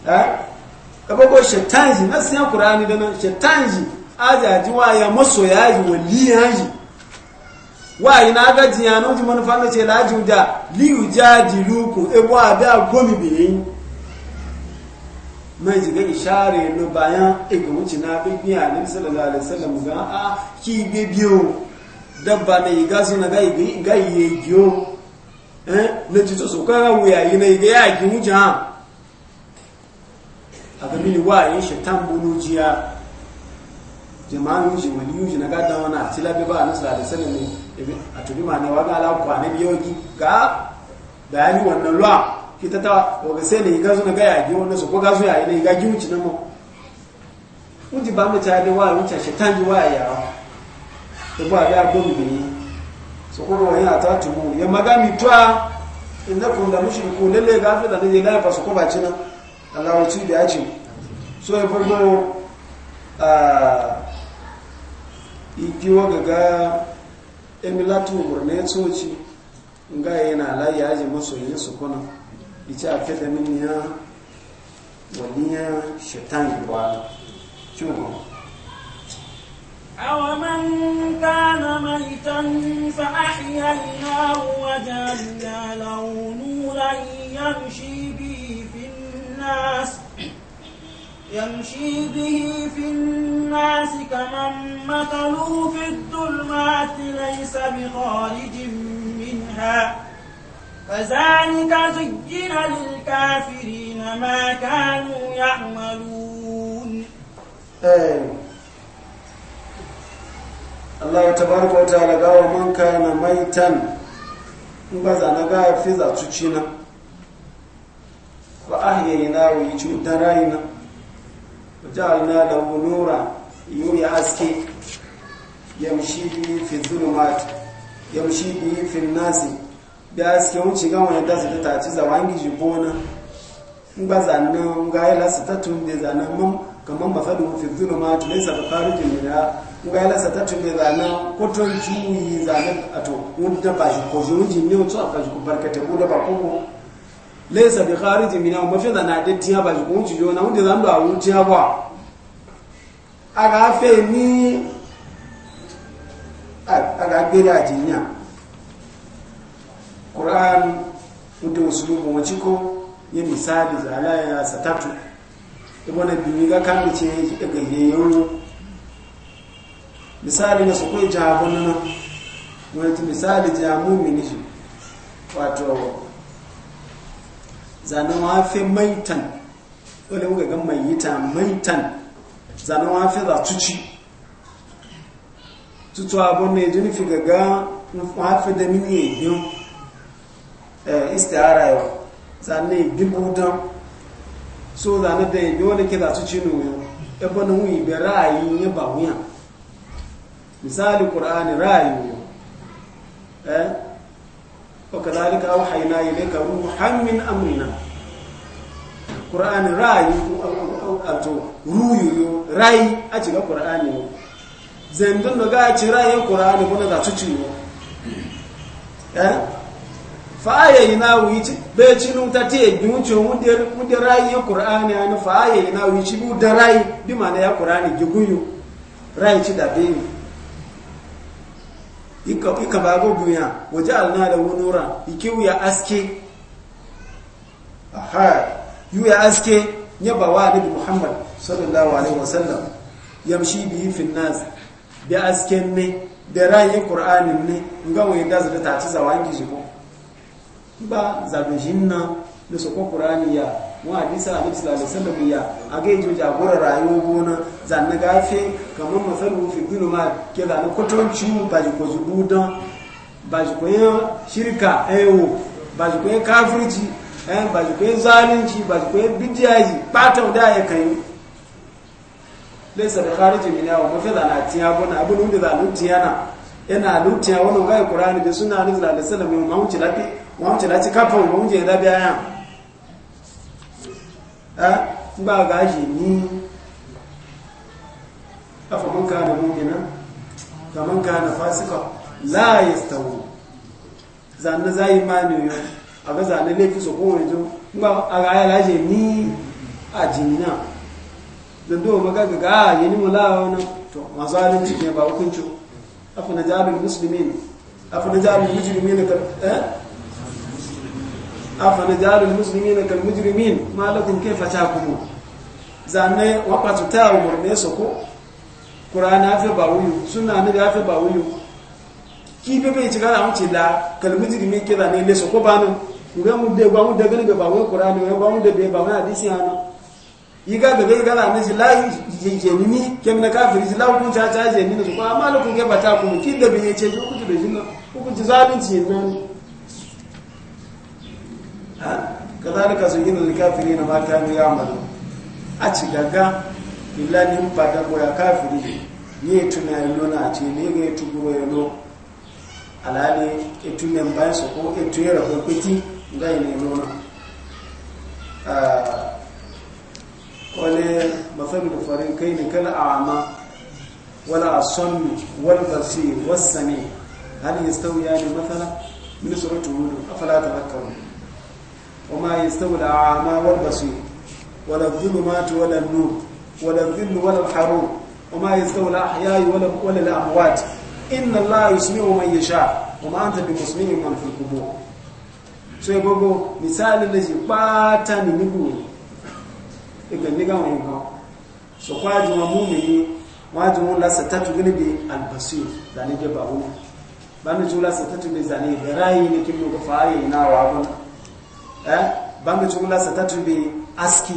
A: eh kabago shaitanji na siya qur'ani da nan shaitanji ajaji waya maso yaji wali yaji wayi na gaji ya nuji manufa na ce laji da liyu jaji luku ebo ada gomi biyin mai jiga ishare no bayan ega wuce na bibbi alim sallallahu alaihi wasallam ga a ki bibiyo dabba ne ga suna ga ga yeyo Eh, na jito su kara wuya yi na iga yaki mu ha a ga mini wa yin shi tambulu jiya jama'an yuji wani yuji na gada wani a tilabi ba a nasara da salami a tuni ma na waga ala kwane biyo gi ga Da bayani wannan ruwa kita ta waga sai na iga zuna gaya gi wannan su ko gasu ya yi na iga gi wuce na mu wuji ba mu ta da wa wuce shi tanji wa yi ya ba ya gomi ne sukuru wani a tatubu ya magami a inda kun da mushi lalle ga fi da ne ga fa su kuma cina nan da yaci so ya farko a ikiwa gaga emilatu murne tsoci nga yana aji yaji masoyin su kuna ita a fita ya waliya shaitan ba cikin
B: أومن كان ميتا فأحييناه وجعلنا له نورا يمشي به في الناس يمشي به في الناس كمن مثله في الظلمات ليس بخارج منها فذلك زين للكافرين ما كانوا يعملون
A: Allah tabaraka wa ta'ala ga wa man kana maitan in ba na ga fi za tuci na fa ahyayna wa yudarayna wa ja'alna lahu nura yuri haske yamshi fi zulumat yamshi bi fi nasi da haske wuce ga wani da su ta ci zawangi jibona in ba na ga ila su ta tun da zana kaman masalin fi zulumat laysa bi kharijin minha ngala satatu mezana koto chuyi zana ato wunda ba shi ko joji ne to aka shi ko barkata ko ba ko lesa bi kharij mina ma fi zana da tiya ba ko unji yo na unde zan da wuci ya ba aga fe ni aga gere ajinya Qur'an wunda usulubu waciko ye misali zala ya satatu ibona bimiga kambi ce ga yayin misali na su kai jabu nuna wani misali jamu mini shi wato zanen wafe maitan wani kuka ga yita maitan zanen wafe za tuci tutu abu ne jini fi gaga wafe da mini eh, isti ara yau zanen gibu don so zanen da yabi wani ke za tuci nuyo ebe na wuyi bera a yi ba wuyan misali qur'ani rayu eh wa kadhalika yi leka ruhan min amina qur'ani rayu ato ruyu rai a cikin qur'ani zendun da gaci ci ƙur'ani kuna kuma za su ci eh fa'aye ina wuci bai ci nun ta te yi wuce wunde rayi ya qur'ani an fa'aye ina wuci bu da rayi bi ma na ya ƙur'ani giguyu rayi ci da biyu ika bago duniya waje alna da wunura iki wuya aske aha yuya aske ya bawa nabi muhammad sallallahu alaihi wasallam yamshi bihi fi nas bi asken ne da rayi qur'anin ne ga wai da zata ta ci zawangi shi ko ba zabejin na da su ko qur'ani ya wa hadisa a nufsila da salamu ya a ga yanzu jagorar rayuwar gona zanna gafe kamar masalu fi dunu ma ke zanen kwatanci ba ji ko zubuda ba ji ko yin shirka ayo ba ji ko yin kafirci ba ji ko yin zalunci ba ji ko yin bidiyaji batan da ya kai laysa da kharijin min yawo da na tiya gona abin da zanen tiya na yana lutiya wannan ga qur'ani da sunna nuzula da salamu mu ci lafi ma ci lafi kafin ma je da biya ba gashi ni afa man kana mu'mina ka man kana fasika la yastawu zanna zai mani yo aga zanna lefi so ko wejo ba aga ya laje ni a jinna da do maga ga ga ah, yini mula wana to mazalin ne ba hukunci afa najalul muslimin afa najalul mujrimin ka eh أفنجعل المسلمين كالمجرمين ما لكم كيف تحكمون zanne wakwatu ta مرنسكو su ko ƙurana hafi ba wuyu suna كيف hafi ba wuyu kibe كالمجرمين كذا da wuce da kalmujirmi ke zane ko da gani ba wuyu ƙurana ya ba mu ba wani hadisi hannu yi ga gaba yi ga zane shi la yi kem na kafiri ko ki jinna kazalika zuyina lil kafirina ma kanu ya'malu a ci gaga billahi mun fada ko ya kafiri ne tuna yilo a ce ne ga tuguro yilo alali etune mbaye so ko etuyera ko kuti ngai ne lona wani mafarin farin kai ne kala a'ama wala asammi wal basir was sami hal yastawi yani mathala min suratu hud afala tadhakkarun وما يستوي الأعمى والبصير ولا الظلمات ولا النور ولا الذل ولا الحروب وما يستوي الأحياء ولا, ولا الأموات إن الله يسمع من يشاء وما أنت بمسمع من في القبور sai gogo misali da shi bata ni nigu ibe ni ga wani kan so kwaji wa mumini waji mu la satatu gini bi albasir zani ke ba wani da eh banga jumla satatu bi aski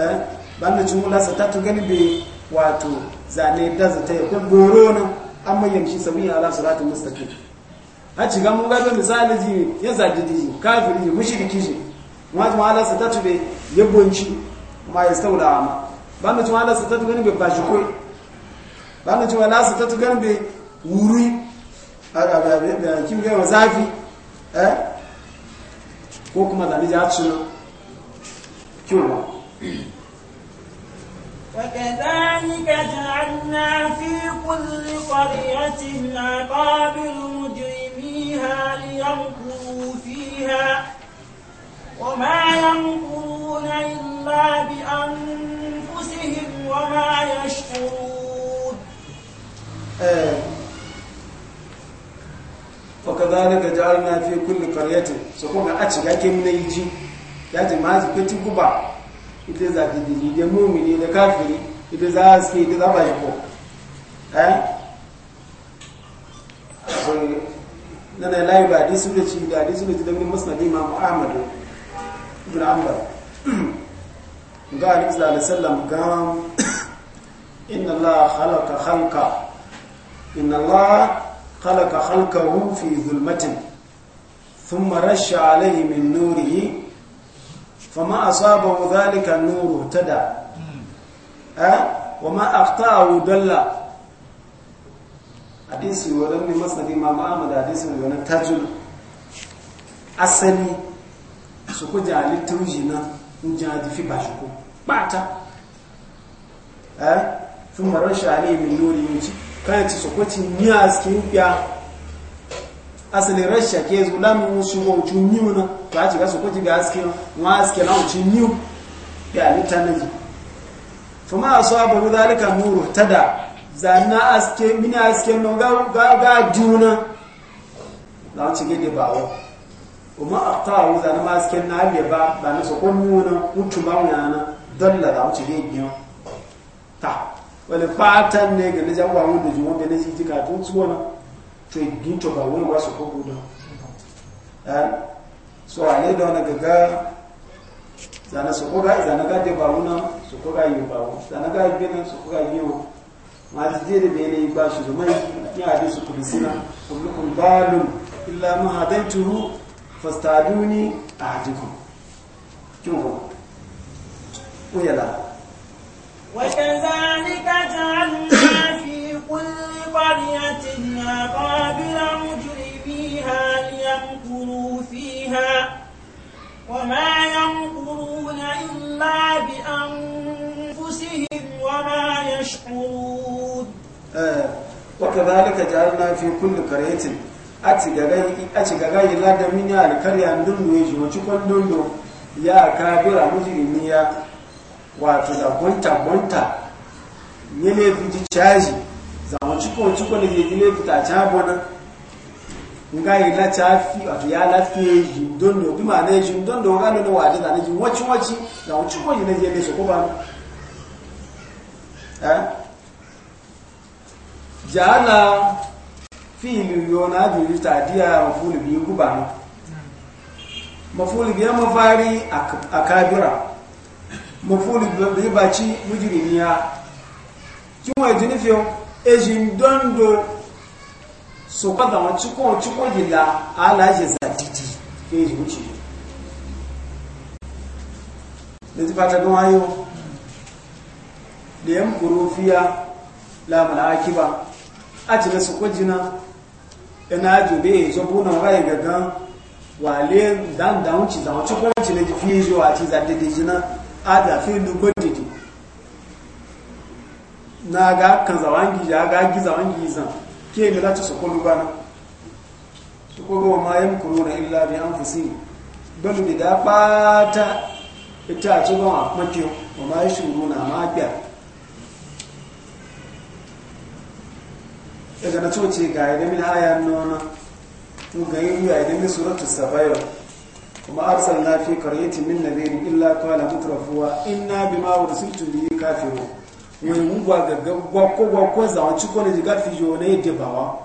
A: eh banga jumla satatu gani bi wato zane da zata ya kun boro ne amma yamshi sabiya ala siratul mustaqim a ci ga mun ga misali ji ya zaji ji kafiri ji mushriki ji ma jumla ala satatu bi yabonci ma yastaula amma banga jumla ala satatu gani bi bashikoi banga jumla ala satatu gani bi wuri a ga ga ga kin ga zafi eh ko kuma da ni ja ci kyuwa
B: وكذلك جعلنا في كل قرية أقابل مجرميها ليمكروا فيها وما يمكرون إلا بأنفسهم وما يشكرون
A: eh, fakazalika ja'alna fi kulli qaryatin so ko ga a ciga ke mun yi ji ya ji ma ji fiti guba ita za ta ji da mu'mini da kafiri ita za su ke za ba shi ko eh so na na lai ba disu da ci da disu da ci da mun musnad imam ahmad ibn amr ga alaihi sallallahu alaihi wasallam ga inna allaha khalaqa khalqa inna allaha خلق خلقه في ظلمة ثم رش عليه من نوره فما أصابه ذلك النور اهتدى أه؟ وما أخطأه دل حديثي ولم مسند إمام أحمد حديثي ولم تجل asali سكو جعل jali tuji في jaji بعتا ba shi ko ba ta eh kayan ci sokwacin ni a cikin ya asali rasha ke zo lamin wasu wa na ni ta ci ga sokwacin ga aske wa aske na wucin ni ya ni ta naji fama a sawa baru zalika nuru ta da zanna aske mini aske na ga duna za a ci gede ba wa kuma a ta hau zanna aske na hali ba ba na sokon ni wuna mutu ba wuna na dalla za ci gede ta wani fatan ne ga najan ba wanda ji wanda naji ji katun su wani to ginto ba wani wasu su kogo da eh? so a ne da wani gaga zana su koga zana ga ba bawu na su koga yi bawu zana ga yi nan su koga yi wo ma ji je da bene ba shi da yi ya da su kudi sina kullukum balun illa ma hadaitu fastaduni ahdikum kin ko ko yala وكذلك
B: جعلنا في كل قرية أقابر مجرميها ليمكروا فيها وما يمكرون إلا بأنفسهم وما يشعرون
A: وكذلك جعلنا في كل قرية أتجاغي لا دمني على القرية النمو يجي وشكو النمو يا كابر مجرمية wato da gwanta gwanta ne ne fiti caji zaman ciko ne fita cabo nan nga yi la cafi wato ya lafiye yi dondo bi ma na yi dondo ga ne wa da ne yi waci waci da waci ko ne je ne so ko ba eh jala na yona bi diya mafulu bi guba mafulu bi mafari akabira mafulu bai baci mujirimiya kinwa jini fiyo ejin dondo so kada wọn cikon cikon gila alaje zadidi keji wuce da ti fata don hayo da yan kurufiya lamar akiba a cire su kwajina yana ajobe ya zo bunan rai gagan wale dan da wuce da wuce kwanci na jifi zuwa ci zadidi jina ada filu didi na ga kan zawangi ya ga gi zawangi zan ke ga lati su kullu bana su kullu ma yamkuruna illa bi anfusihim balu da pata ita ci gon a makiyo wa ma na ma biya daga na coci ga idan min haya nuna to ga yi ya idan min suratu sabayar kuma arsalna fi qaryatin min nadirin illa qala mutrafuwa inna bima ursiltu bihi kafirun wani mun ba ko gwakko gwakko zawon cikon da jiga fi yone yadda bawa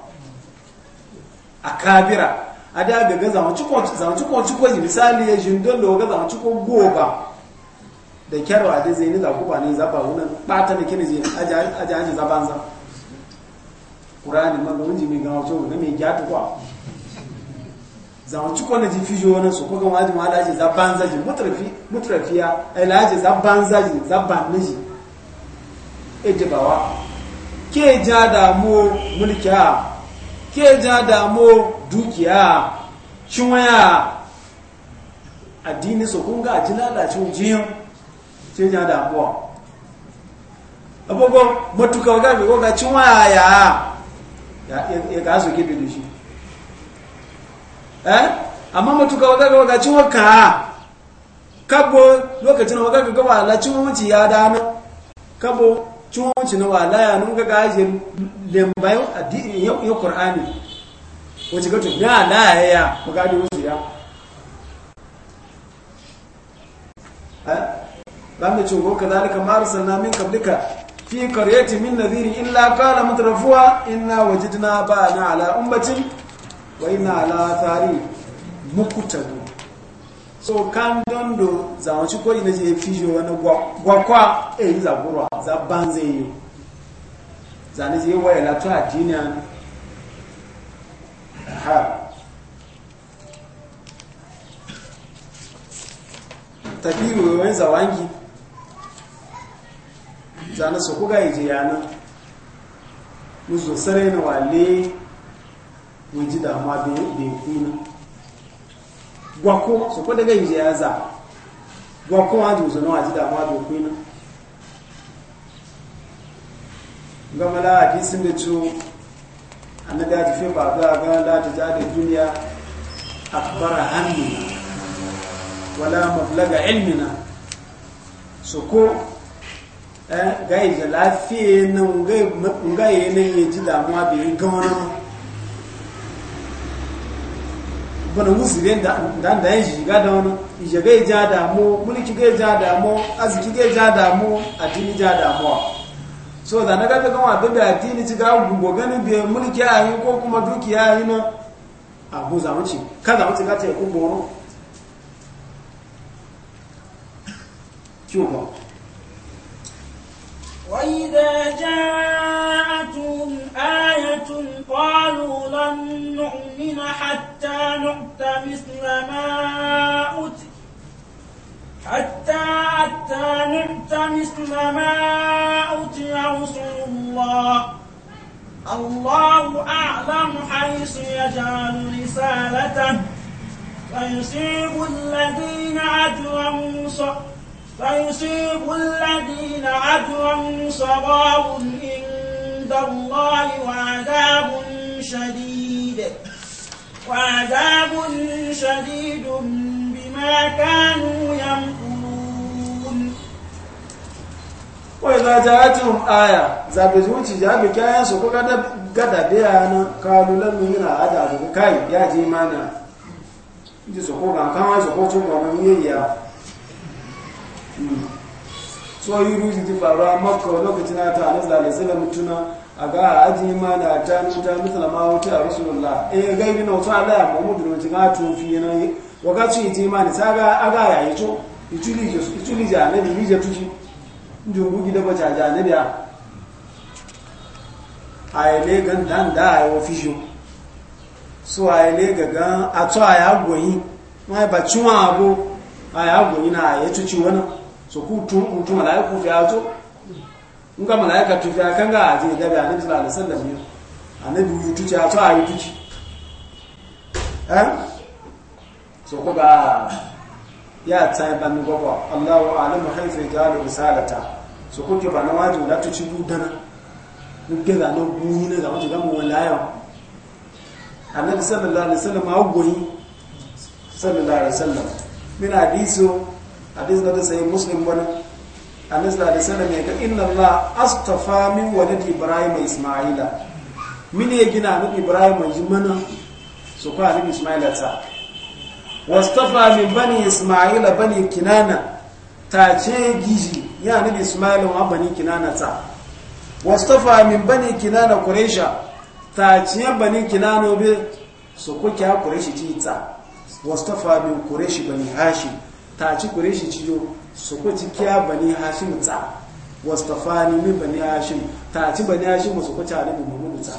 A: a kabira a da gaggan zawon cikon zawon cikon cikon misali ya jindon da waga zawon cikon goba da kyarwa da zai ni za ku ba ne zaba wannan bata da kene aje aje zaban za qur'ani man da mun ji mi ga wato ne mi gyatu kwa za mu ci kwanan jifi ji wani su kogan wajen ma laji za ban zaji mutrafiya ai laji za ban zaji za ban niji ejibawa ke ja damu mulkiya ke ja damu dukiya ciwaya addini su kunga a ji lalacin jiyan ce ja damuwa abubuwan matuka gabi ko ga ciwaya ya ga su gebe da shi eh amma matuka wagaga wagaci waka kabo lokacin ga gaba ala cimamanci ya dana kabo cimamanci na wala ya nun ga gajin lembayo addini ya Kur'ani? wace gato ya ala ya yaya magadi wasu ya eh dan da cewa kazalika na min kablika fi qaryatin min nadhiri illa qala ina wajidina ba na ala ummatin wa ina ala athari mukutabu so kan dondo za wanci ko ina je fijo gwa gwakwa e eh, za gurwa za banze yi za ni je waya la ta dina ha tabiwo wani zawangi za na so ije yana muzo sare na wale mun ji damuwa da ya kuna gwako su kwa daga yi ya za gwako wa ji a ji damuwa da ya kuna gama la hadisin da ciwo na ya tafi ba ga ga la ta ja da duniya akbara hannuna wala mablaga na. su ko eh, ga yi da lafiya nan ga yi nan ya ji damuwa da ya gawanin bana musirin da da ya shiga da wani ije ja damu mulki gai ja damu aziki gai ja damu addini ja damuwa so da na gaga gama abin da addini ci gawo gungo ganin da mulki a yi ko kuma dukiya a yi na abu zamuci ka zamuci ka ce ku goro kiwo
B: وإذا جاءتهم آية قالوا لن نؤمن حتى نؤتى مثل ما أوتي حتى حتى نؤتى مثل ما أوتي رسول الله الله أعلم حيث يجعل رسالته فيصيب الذين أجرموا فيصيب الذين أجرموا صغار إلى الله وعذاب شديد وعذاب شديد بما كانوا يمكرون
A: وإذا جاءتهم آية زابزوتي جابي كاين سوكو gada biya na kalu lalu yana hada daga kai ya je mana ji su ko ga kan yi ya so yi ruji ti faru lokacin ta annabi sallallahu aga aji ma na ta nun ta misala ma wuce a rasulullah eh gaibi na wata ala muhammadu ne ga to fi na wakati ji ma ni saga aga ya yito ituli je ituli je anabi ni je tuji bugi da bata ja anabi a ai gan dan da ai so ai le ga gan ato ai agoyi ma ba ai na ai tuji wana so ku tu ku tu fi nga malaika tufi akan ga aje da bi annabi sallallahu alaihi wasallam ne annabi yutu ta to ayi tuci eh so ko ga ya tsaya ban gogo Allahu alamu haifa jalu risalata so ko ke bana waje da tuci budana ke da no buyi ne da waje ga mu wallahi annabi sallallahu alaihi wasallam ma goyi sallallahu alaihi wasallam min hadisu hadis da sai muslim bana annabi da alaihi wasallam ya ga inna allah astafa min walad ibrahim isma'ila min ya gina annabi ibrahim ji mana su kwa annabi isma'ila ta wastafa min bani isma'ila bani kinana ta ce gizi ya annabi isma'ila wa bani kinana ta wastafa min bani kinana quraisha ta ce bani kinana be su kuke quraishi ci ta wastafa min quraishi bani hashim ta ci quraishi ci yo su ku ci kiya bani hashim tsa wastafani min bani hashim ta ci bani hashim su ku ci mu muhammadu tsa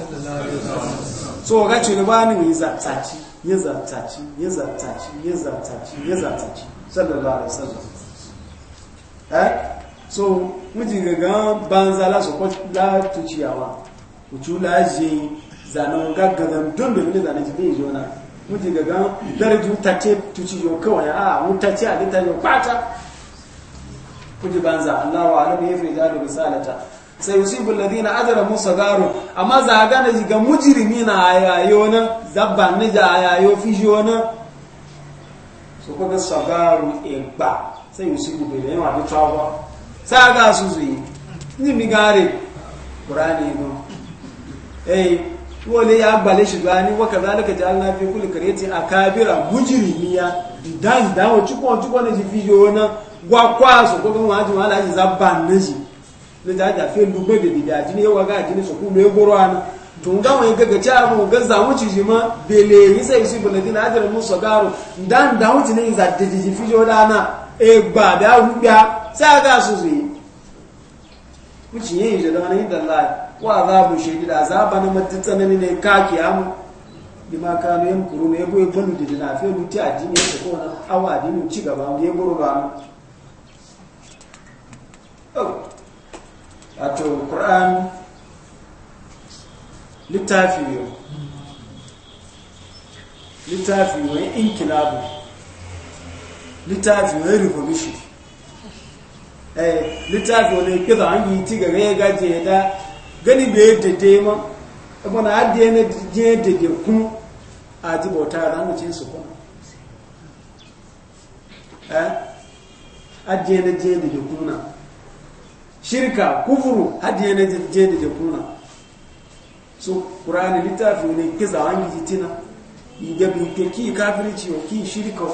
A: so ga ci ba ni yi zattaci ya zattaci yi zattaci ya zattaci yi zattaci sallallahu alaihi wasallam eh so miji gaga banza la su ku la tuciyawa ku ci la je zanan gaggadan don domin zanan ji bai jona miji gaga darju tace tuciyo kawai a mutace a littafin kwata kuji banza Allah wa alam yafi jalu risalata sai yusibu alladhina ajramu sagaru amma za ga na mujrimi na ayayo na zabba ni ga ayayo fijo na so ko ga sagaru egba sai yusibu bele ma bi tawa sai ga su zuyi ni mi gare qur'ani no eh wole ya gbale shi ni wa kazalika ja'alna fi kulli qaryatin akabira mujrimiya dan dan wa chukon chukon ji fijo na gwakwa su kuma wa ji wala ji zabban na ji na ja da fe lugbe da bidiya ji ne wa ga ji ne su kuma ya goro ana tun ga wani gaga ci abu ga zamu ci ma bele yi sai su bala dina ajira mu so garo dan da wuti ne za da ji fi jo da na e gba da hubya sai ga su su yi muci yin ji da wani da Allah wa azabu shadid azaba na matsatsanani ne ka kiyamu bima kanu yankuru ne yabo yabo da dina fe luti addini ko na awa addini ci gaba ne yabo ba Oh. wato ƙur'an littafi yau littafi wani inkilabu littafi wani revolution eh littafi wani kiza an yi ti gaba gaje da gani bai dade ma abin adiye na je dade kun a ji bauta ramucin su kuma eh adiye na je dade na. shirka kufuru hadi yana je da kuna so qur'ani littafi ne kiza an gitina yiga bi ke ki kafirci o ki shirka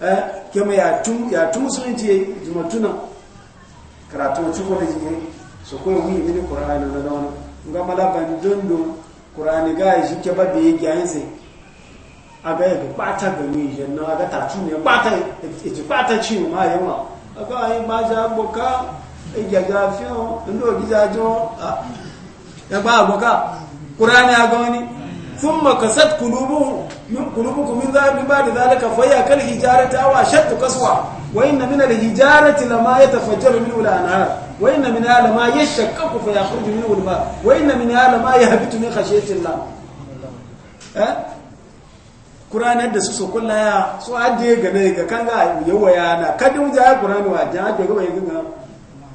A: eh kema ya tum ya tum sun je jumatuna karatu ci ko da jige so ko wi ne qur'ani da dawo nga malaba ban dondo qur'ani ga shi ke ba da yake an sai aga ya bata ga ni janna aga ta tune bata e ci e- bata e- ci ma yawa aga ai ma ja boka geography inda gidajen ya ba aboka ƙurani a gani sun makasat kulubuku min zaɓi ba da zalika fayya kan hijarata wa shatta kasuwa wayin na minar hijarati lama ya min wula na wayin na minar lama ya shakka ku fayya kurji min wulba wayin na minar lama ya habitu min eh? da su su ajiye ga ga yawa yana ja wa ya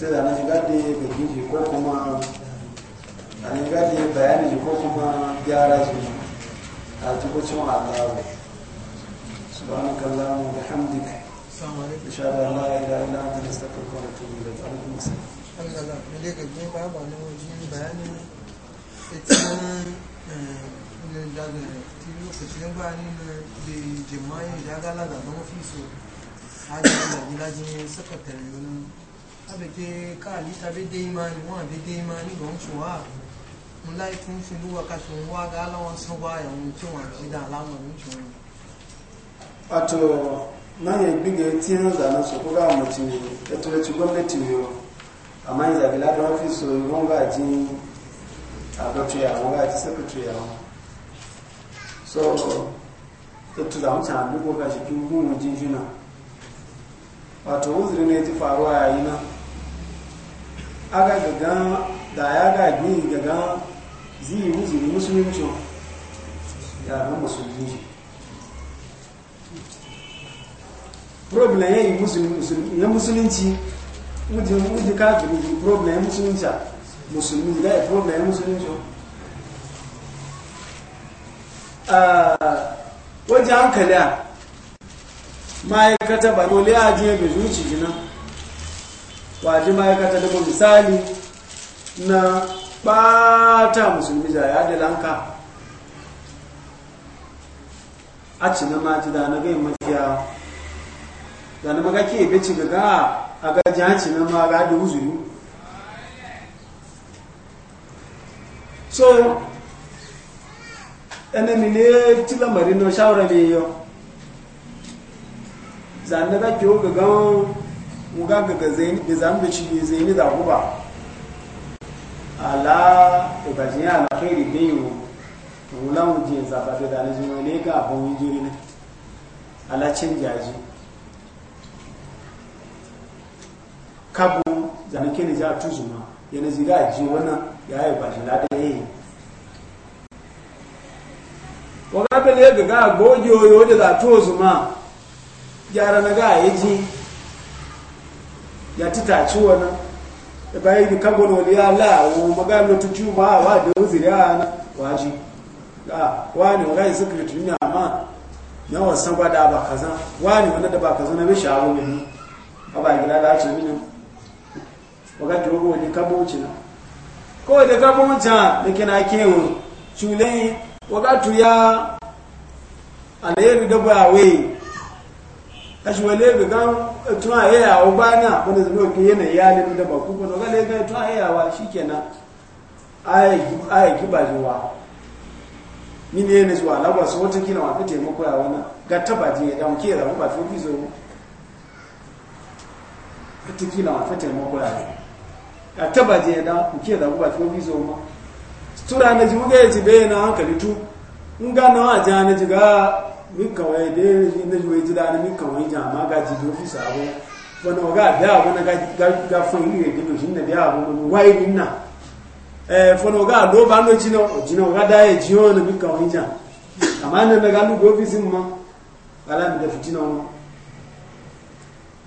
A: sai da na shiga da ko kuma a shiga da bayani shi ko kuma gyara shi a cikin allahu سبحانك اللهم وبحمدك اشهد ان لا اله الا انت نستغفرك ونتوب اليك عليكم السلام alhamdulillah
B: mele ga gini ba ba nan wajen
A: bayani cikin ilin daga tilo ka cikin bayani na da jimai da gala da so hajji abeke kaali tabe deimani wọn abe deimani lọ
B: ń tún wá mo láì tún fi lúwa ká tún wá gá láwọn sán wá àwọn tí wọn àti dá
A: láwọn ń na wọn. wato nan ya gbige tiyan zanen su kuka a mutum ya turanci gwamnati ne amma ya zabi ladan wafi so ruwan gaji a gato yawon gaji sakato yawon so ta tuza mutum a duk gashi kin gun wajen jina wato uzuri ne ti faruwa yayi nan aga gaga da ya ga gini gaga zai wuzuri musulunci ya ga musulunci problem ya yi musulunci ya musulunci wuzi kafin yi problem ya musulunci musulmi da ya problem ya musulunci wajen hankali a ma'aikata ba dole ya ajiye da zuci gina waji ma'aikata da misali na ɓata musulmi jaya da lanka a ci na mati da na gai makiya da na maga ke ci ga ga a gaji ci na ga da uzuru so enemi ne ti lamari na shawara ne yau zanne ga ke o gagan muga ga zaini da zamu da ci zaini da guba ala ibajin ala khairi dayu wula mu je ba da ne jin ne ga abun jiri ne ala cin jaji kabu zanake ne za tuzuma yana zira ji wannan ya yi ba jira da yi wọ́n ká pẹ̀lú ẹgbẹ̀gá àgbójì oyo ó dẹ̀ tà yára na gáà yé jí ya ti taci wani bayan yi kagon wani ya la'awo magana tuci ma wa da wuziri a na waji wani wani secret ne amma na wasan ba da ba kaza wani wani da ba kaza na mishi abu ne a ba gida da ce mini wakati wogo wani kabonci na kawai da kabonci da kina kewa culen wakati ya alayyar da ba wai kashi wale ga gan tuna yaya wa bana wanda zai ke yana iyalin da ba ku kuma ga le ga tuna yaya wa shikenan ayi ayi kibajewa ni ne ne zuwa lagwa su wata kila wa fite mako ya wannan ga tabaje da mu ke rabu ba fi bizo fite kila wa fite mako ya ga tabaje da mu ke rabu ba fi bizo ma sura na ji muga ya ji bayyana hankali tu in ga na wa ji ga min kawai da ya yi na juwai ji dani min kawai jama ga ji dofi gaa wani waga biya abu na ga fun yi na biya abu na wai na fana waga lo ba lo jina jina waga da ji wani min amma na na ga ma ala mi da fitina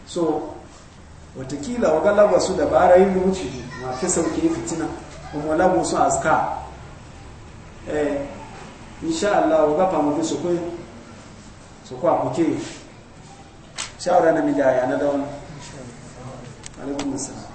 A: so watakila su ma sauke fitina aska eh insha Allah su kwa kuke shawara na ya na dauna alaikun musamman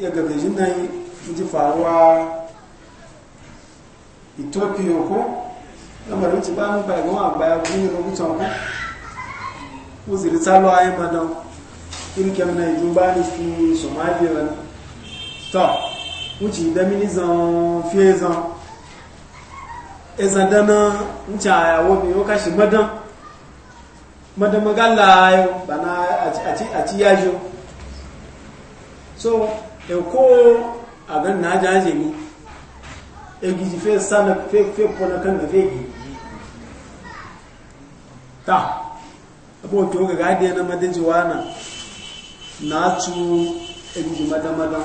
A: ya gabe jin ji faruwa ethiopia ko lamarin ci ba mu bai gama baya kun yi rubutun ko ko ziri tsalo a yin madan irkem na ni fi somalia wani to wuce da mini zan fiye zan ezan dana wuce a yawo bai yau kashi madan madan so eko ni Egizi fe sana fe fe pona kan na fegi ta abu to ga gadi na madaji wana na tu egiji madamada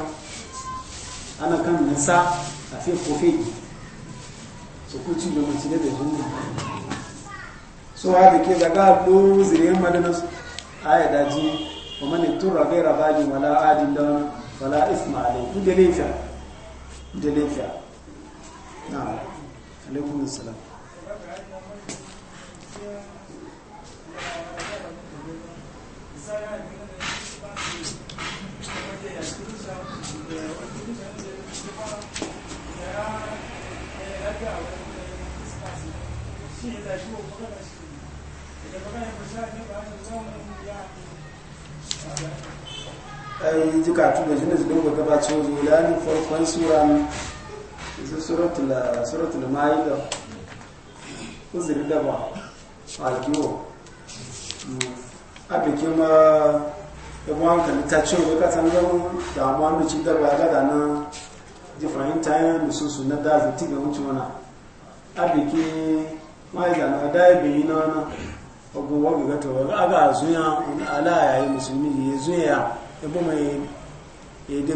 A: ana kan nisa a fe ko fe so ku ci ci ne da zuwa so ha da ke daga lo zire madana aya daji wa ne tura ghayra bagin wala adin da wala isma alai ku da lafiya na'am alaikum assalam ai jikatu da jinin zubin gaba cewa farkon su suratul ma'ida uzuri daba a kiwo hmm. a bikin ma yabon hankali ta ce wai kasan da amma ci daba ya gada na jifahin tayan na da zai tiga wuce wana a bikin ma'ida na ya bayi na wana ogun wabi ala yayi musulmi ya zuya ya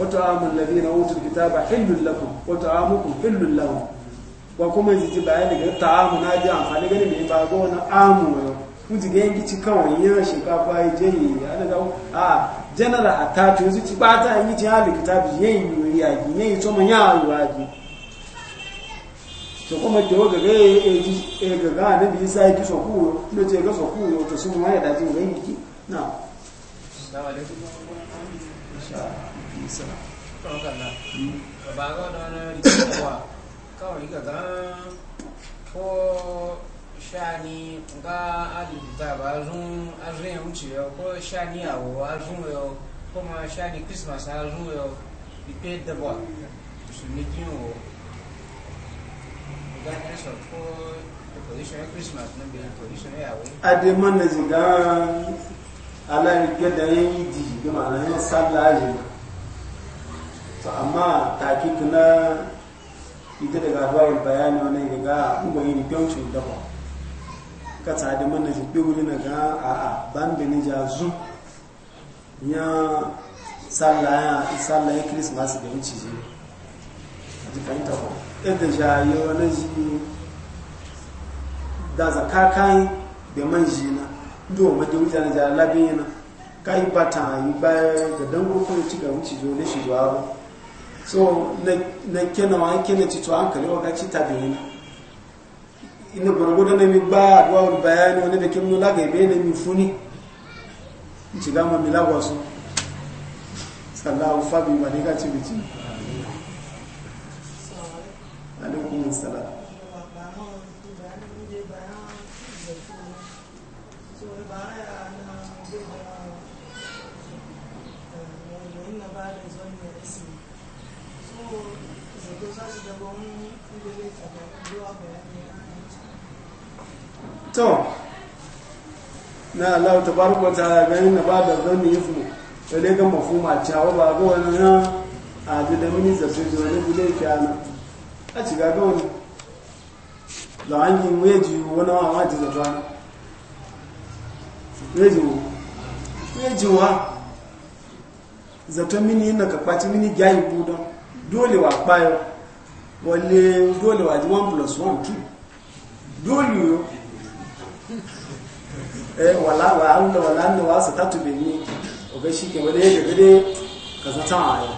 A: وطعام الذين أوتوا الكتاب حل لكم وطعامكم حل لهم na يجي بيان طعام ناجي amfani gani mai bago wani amu kun ji ga yanki kawai ya shinkafa ya je yi ana da a general attack yanzu ci bata yi ci hali kitabi yayi yuri yaki yayi to man ya yaki to kuma ke waga ga e ga ga na bi sai ki so ku no ce ga so ku to sun ma ya da jin ganki na assalamu alaikum salam kọ̀ọ̀kànlá kawai ga gan ko shani
B: ga alibuta ba zun azun ya wuce yau ko shani yau kuma shani christmas yau ipe su ni kiwo
A: ga nesa ko christmas na yawo man na di yin sallah to amma takik na ita daga bayan bayani wani ga kuma yin biyancin daba ka tsadi mana ji biyu na ga a a ban da nija zu ya sallaya sallaya christmas da wuce ji ji fahimta ko yadda yi wani ji da zakakai da man ji na duwa mata wuce na jara labin yana ka yi bata yi baya da dangon kuma ci ga wuce zo da shi zuwa ba so na kena wa kena ci to hankali wa ga ci ta da yana ina gurgudu na mi ba wa bayani wani bikin nula ga ibe na mi funi ci gama mi lagwa su sallahu fabi wa ne ga ci bici alaikum salam to na Allah ta barko ta ganin ba da zanni yafu sai ga mafuma cewa ba ga wannan a da minista sai ne bude kana a ci ga ga wannan da an yi weji wani wa ma ji zaba weji wo weji wa zato mini na ka kwaci mini gyayi budon dole wa kpayo wale dole wa ji 1 plus 1 2 dole yo eh wala wa Allah wala ne wa su tatube ni obe shi ke wale ga gade ka zata ayo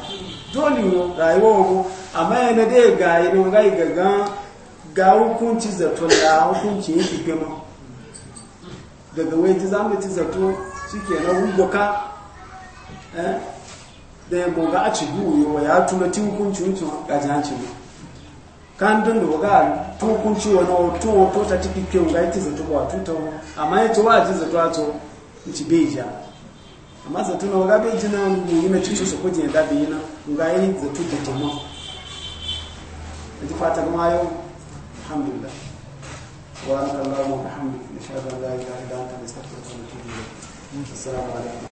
A: dole yo rayuwa mu amma yana da ga yi ga gaga ga hukunci zato da hukunci yake gama daga wai ti zamu ti zato shike na ruboka eh da yabo ga a ci biyu yo ya tuna ti hukunci mutum ga jahanci ne Kandi da waga tukunci wani tuwo to ta ciki ke wuga ita zato to ci bai zato na waga bai ji na mu yi zato ta alhamdulillah wa an la ilaha illa anta wa ilayk assalamu